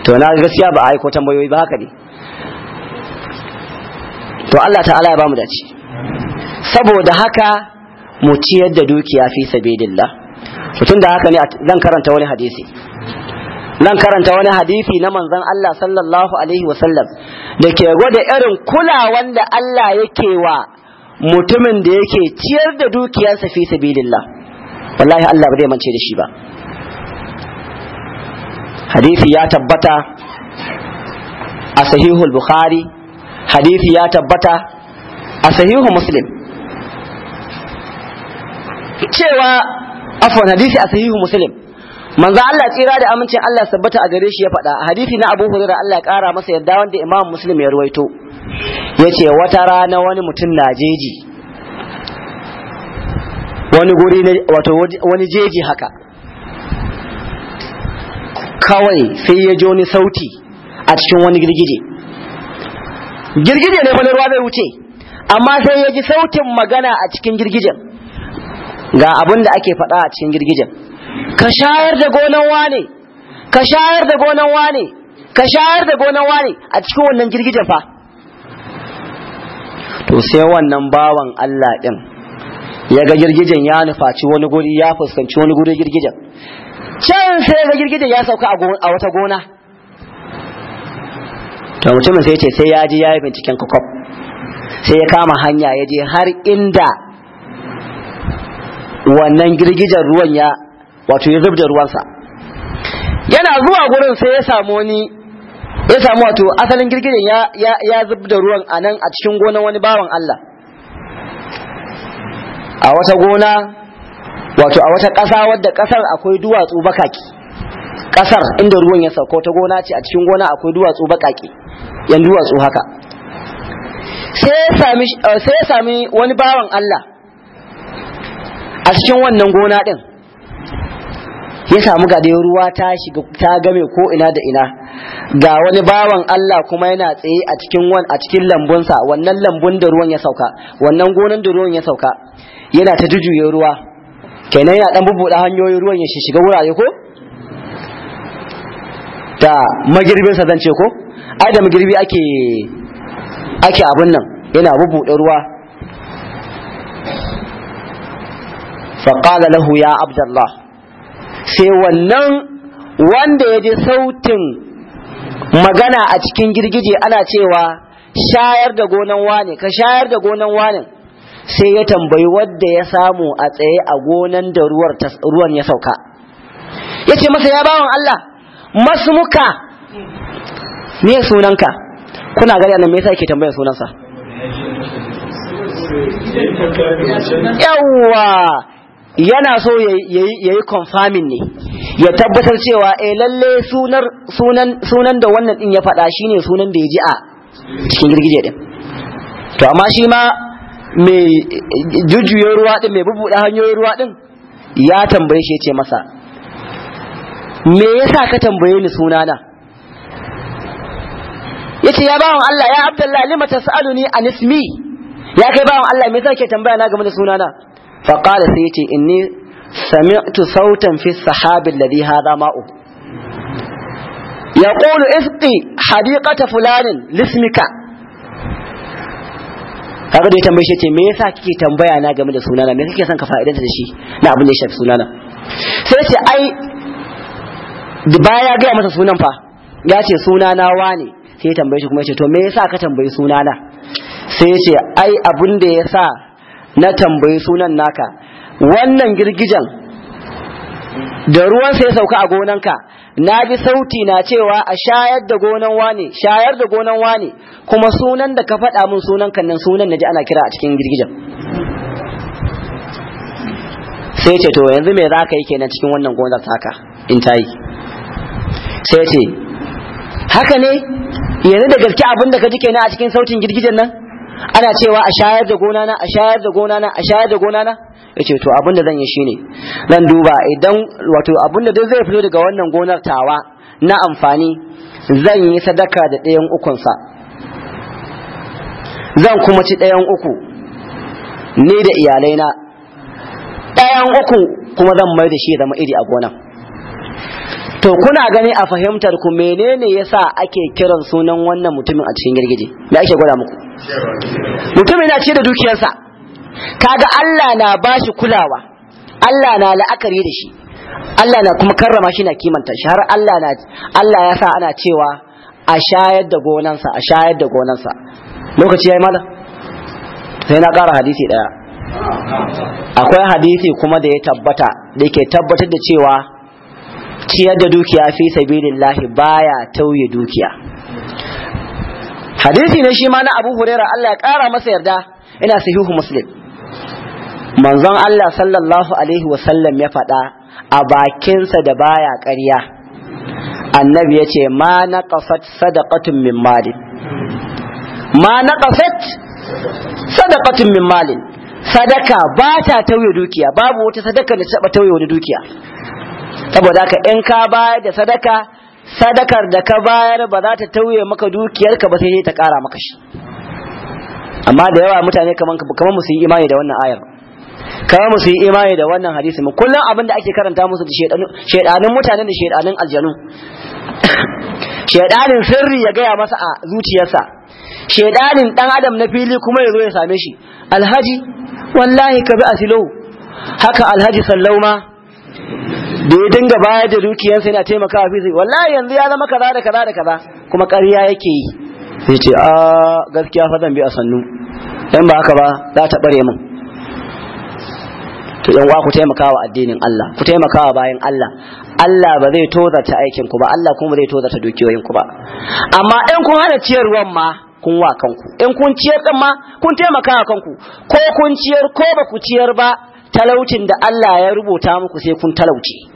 to na gaskiya ba yi ko tambayoyi ba haka ne to Allah ta'ala ya bamu dace saboda haka mu ciyar da dukiya fi sabilillah mutum da haka ne zan karanta wani hadisi zan karanta wani hadisi na manzan Allah sallallahu alaihi wasallam da ke gwada irin kulawan da Allah yake wa mutumin da yake ciyar da dukiyarsa fi sabilillah wallahi Allah ba zai mance da shi ba hadisi ya tabbata a sahihul bukhari hadisi ya tabbata a sahihul muslim cewa afwan hadisi a sahihul muslim manzo Allah tsira da amincin Allah sabbata a gare shi ya faɗa hadisi na Abu Hurairah Allah ya ƙara masa yadda wanda Imam Muslim ya ruwaito ya ce wata rana wani mutum na jeji wani guri wato wani jeji haka kawai sai ya ji wani sauti a cikin wani girgije girgije ne wani ruwa zai wuce amma sai ya ji sautin magana a cikin girgijen ga abin da ake faɗa a cikin girgijen ka shayar da gonan wane ka shayar da gonan wane ka shayar da gonan wane a cikin wannan girgijen fa to sai wannan bawan Allah ɗin ya ga girgijen ya nufaci wani guri ya fuskanci wani guri girgijen can sai ga girgijen ya sauka a wata gona to mutumin sai ce sai ya ji ya yi binciken kwakwaf sai ya kama hanya ya je har inda wannan girgijen ruwan ya wato ya zubda ruwansa yana zuwa gurin sai ya samu wani ya samu wato asalin girgiren ya ya ya zub da ruwan a nan a cikin gona wani bawan Allah a wata gona wato a wata ƙasa wadda ƙasar akwai duwatsu bakaki ƙasar inda ruwan ya sauko ta gona ce a cikin gona akwai duwatsu bakaki yan duwatsu haka eh, sai ya sami wani bawan Allah a cikin wannan gona ɗin ya samu gade ruwa ta shiga ta game ko ina da ina ga wani bawan Allah kuma yana tsaye a cikin wan a cikin lambunsa wannan lambun da ruwan ya sauka wannan gonan da ruwan ya sauka yana ta jujuye ruwa kenan yana dan bubbuda hanyoyin ruwan ya shiga wurare ko ta magirbin sa zan ce ko ai da magirbi ake ake abun nan yana bubbuda ruwa faqala lahu ya abdullah sai wannan wanda ya ji sautin magana a cikin girgije ana cewa shayar da gonan wane ka shayar da gonan wane sai ya tambayi wadda ya samu a tsaye a gonan da ruwan ya sauka ya ce masa ya bawan Allah masu muka ne sunanka kuna gari a me yasa yake tambayar sunansa yawwa yana so ya yi confirming ne ya tabbatar cewa eh lalle sunan sunan da wannan din ya faɗa shine sunan da ya ji a cikin girgije din to amma shi ma mai jujjuyo ruwa din mai bubuɗe hanyoyin ruwa din ya tambaye shi ce masa me yasa ka tambaye ni sunana yace ya bawan Allah ya Abdullahi lima tasaluni an ismi ya kai bawan Allah me yasa ke tambaya na game da sunana faƙala sai ce inni sami'tu sautan fi sahabi alladhi hadha ma'u yaqulu isqi hadiqata fulanin lismika kaga da ya tambaye shi ce me yasa kike tambaya na game da sunana me kike son ka fa'idanta da shi na abin da ya shafi sunana sai ce ai da baya ga masa sunan fa ya ce sunana wane sai ya tambaye shi kuma ya ce to me yasa ka tambayi sunana sai ya ce ai abin da ya sa na tambayi sunan naka wannan girgijan da ruwan sai sauka a gonanka na ji sauti na cewa a shayar da gonan wane shayar da gonan wane kuma sunan da ka faɗa min sunan kan nan sunan na ji ana kira a cikin girgijan sai ce to yanzu me za ka yi kenan cikin wannan gonar taka in ta yi sai ce haka ne yanzu da gaske abin da ka ji kenan a cikin sautin girgijan nan ana cewa a shayar da gona na a shayar da gona na a shayar da gona na yace to abin da zan yi shine zan duba idan wato abin da duk zai fito daga wannan gonar tawa na amfani zan yi sadaka da ɗayan ukun sa zan kuma ci ɗayan uku ni da iyalaina ɗayan uku kuma zan mai da shi zama iri a gonar to kuna gani a fahimtar ku menene yasa ake kiran sunan wannan mutumin a cikin girgije da ake gwada muku mutumin na ce da dukiyarsa kaga Allah na bashi kulawa Allah na la'akari da shi Allah na kuma karrama shi na kimanta shi har Allah na Allah ya sa ana cewa a shayar da gonansa a shayar da gonansa lokaci yayi mala sai na ƙara hadisi daya akwai hadisi kuma da ya tabbata da yake tabbatar da cewa ciyar da dukiya fi sabilillahi baya tauye dukiya hadisi ne shi ma na Abu Huraira Allah ya kara masa yarda ina sahihu Muslim manzon Allah sallallahu alaihi wa sallam ya faɗa a bakinsa da baya ƙarya annabi ya ce ma naqasat sadaqatun min malin ma naqasat sadaqatun min malin sadaka ba ta tauye dukiya babu wata sadaka da ta tauye wani dukiya saboda haka in ka bayar da sadaka sadakar da ka bayar ba za ta tauye maka dukiyarka ba sai ta kara maka shi amma da yawa mutane kaman kaman musu yi imani da wannan ayar kaman musu yi imani da wannan hadisi mu kullum abin da ake karanta musu da shedanin mutane da shedanin aljanu *coughs* shedanin sirri ya gaya masa a zuciyarsa shedanin dan adam na fili kuma ya zo ya same shi alhaji wallahi ka bi asilo haka alhaji sallauma da ya dinga bayar da dukiyarsa yana taimakawa fi wallahi yanzu ya zama kaza da kaza da kaza kuma ƙarya yake yi sai ce a ah, gaskiya fa zan bi a sannu in ba haka ba za ta bare min to yan uwa ku taimakawa addinin Allah ku taimakawa bayan Allah Allah ba zai ta aikin ku ba Allah kuma zai ta dukiyoyin ku ba amma in kun hana ciyarwan ma kun wa kanku in kun ciyar din ma kun taimaka wa kanku ko kun ciyar ko ba ku ciyar ba talaucin da Allah ya rubuta muku sai kun talauce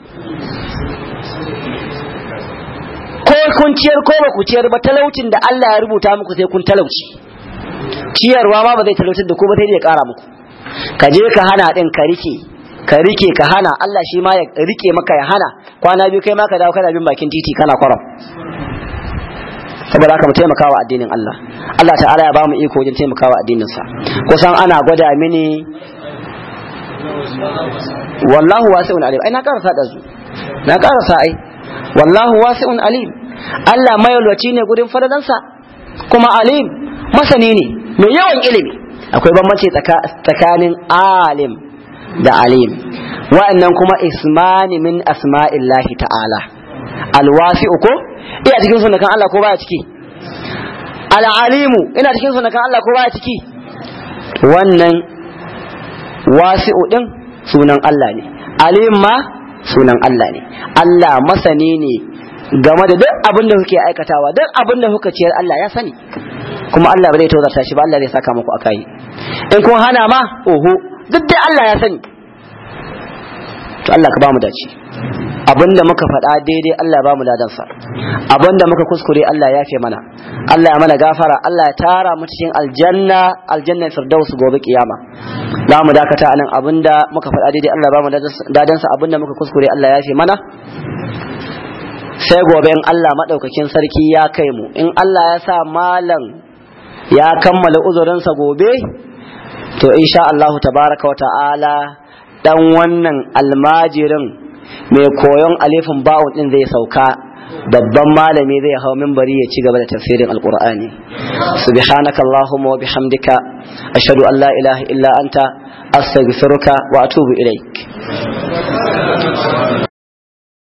ko kun ciyar ko ba ku ciyar ba talaucin da Allah ya rubuta muku sai kun talauci ciyarwa ma ba zai talautar da ku ba sai ya kara muku ka je ka hana din ka rike ka rike ka hana Allah shi ma ya rike maka ya hana kwana biyu kai ma ka dawo kana bin bakin titi kana kwaram saboda haka mu taimaka wa addinin Allah Allah ta'ala ya ba mu iko wajen taimaka wa addinin sa kusan ana gwada mini wallahu wasi'un alim ai na karasa da zu na karasa ai wallahu wasi'un alim Allah mayalwaci ne gudun faradansa kuma alim masani ne mai yawan ilimi akwai bambanci tsakanin alim da alim wa'annan kuma ismani min asma'illahi ta'ala alwasi'u ko iya cikin sunakan Allah ko baya ciki al'alimu ina cikin sunakan Allah ko baya ciki wannan wasi'u din sunan Allah ne alim ma sunan Allah ne Allah masani ne game da duk abin da kuke aikatawa duk abin da kuka ciyar Allah ya sani kuma Allah ba zai tozarta shi ba Allah zai saka muku akai in kun hana ma oho duk dai Allah ya sani to Allah ka ba mu dace abinda muka faɗa daidai Allah ba mu ladansa abinda muka kuskure Allah ya fi mana Allah ya mana gafara Allah ya tara mu cikin aljanna aljanna firdaus gobe kiyama za mu dakata anan abinda muka faɗa daidai Allah ba mu ladansa abinda muka kuskure Allah ya fi mana sai gobe in Allah madaukakin sarki ya kai mu in Allah ya sa malam ya kammala uzurinsa gobe to insha Allah tabaraka wa ta'ala dan wannan almajirin mai koyon alifin ba'un din zai sauka babban malami zai hau minbari ya ci gaba da tafsirin alkur'ani subhanaka allahumma wa bihamdika ashhadu an la ilaha illa anta astaghfiruka wa atubu ilaik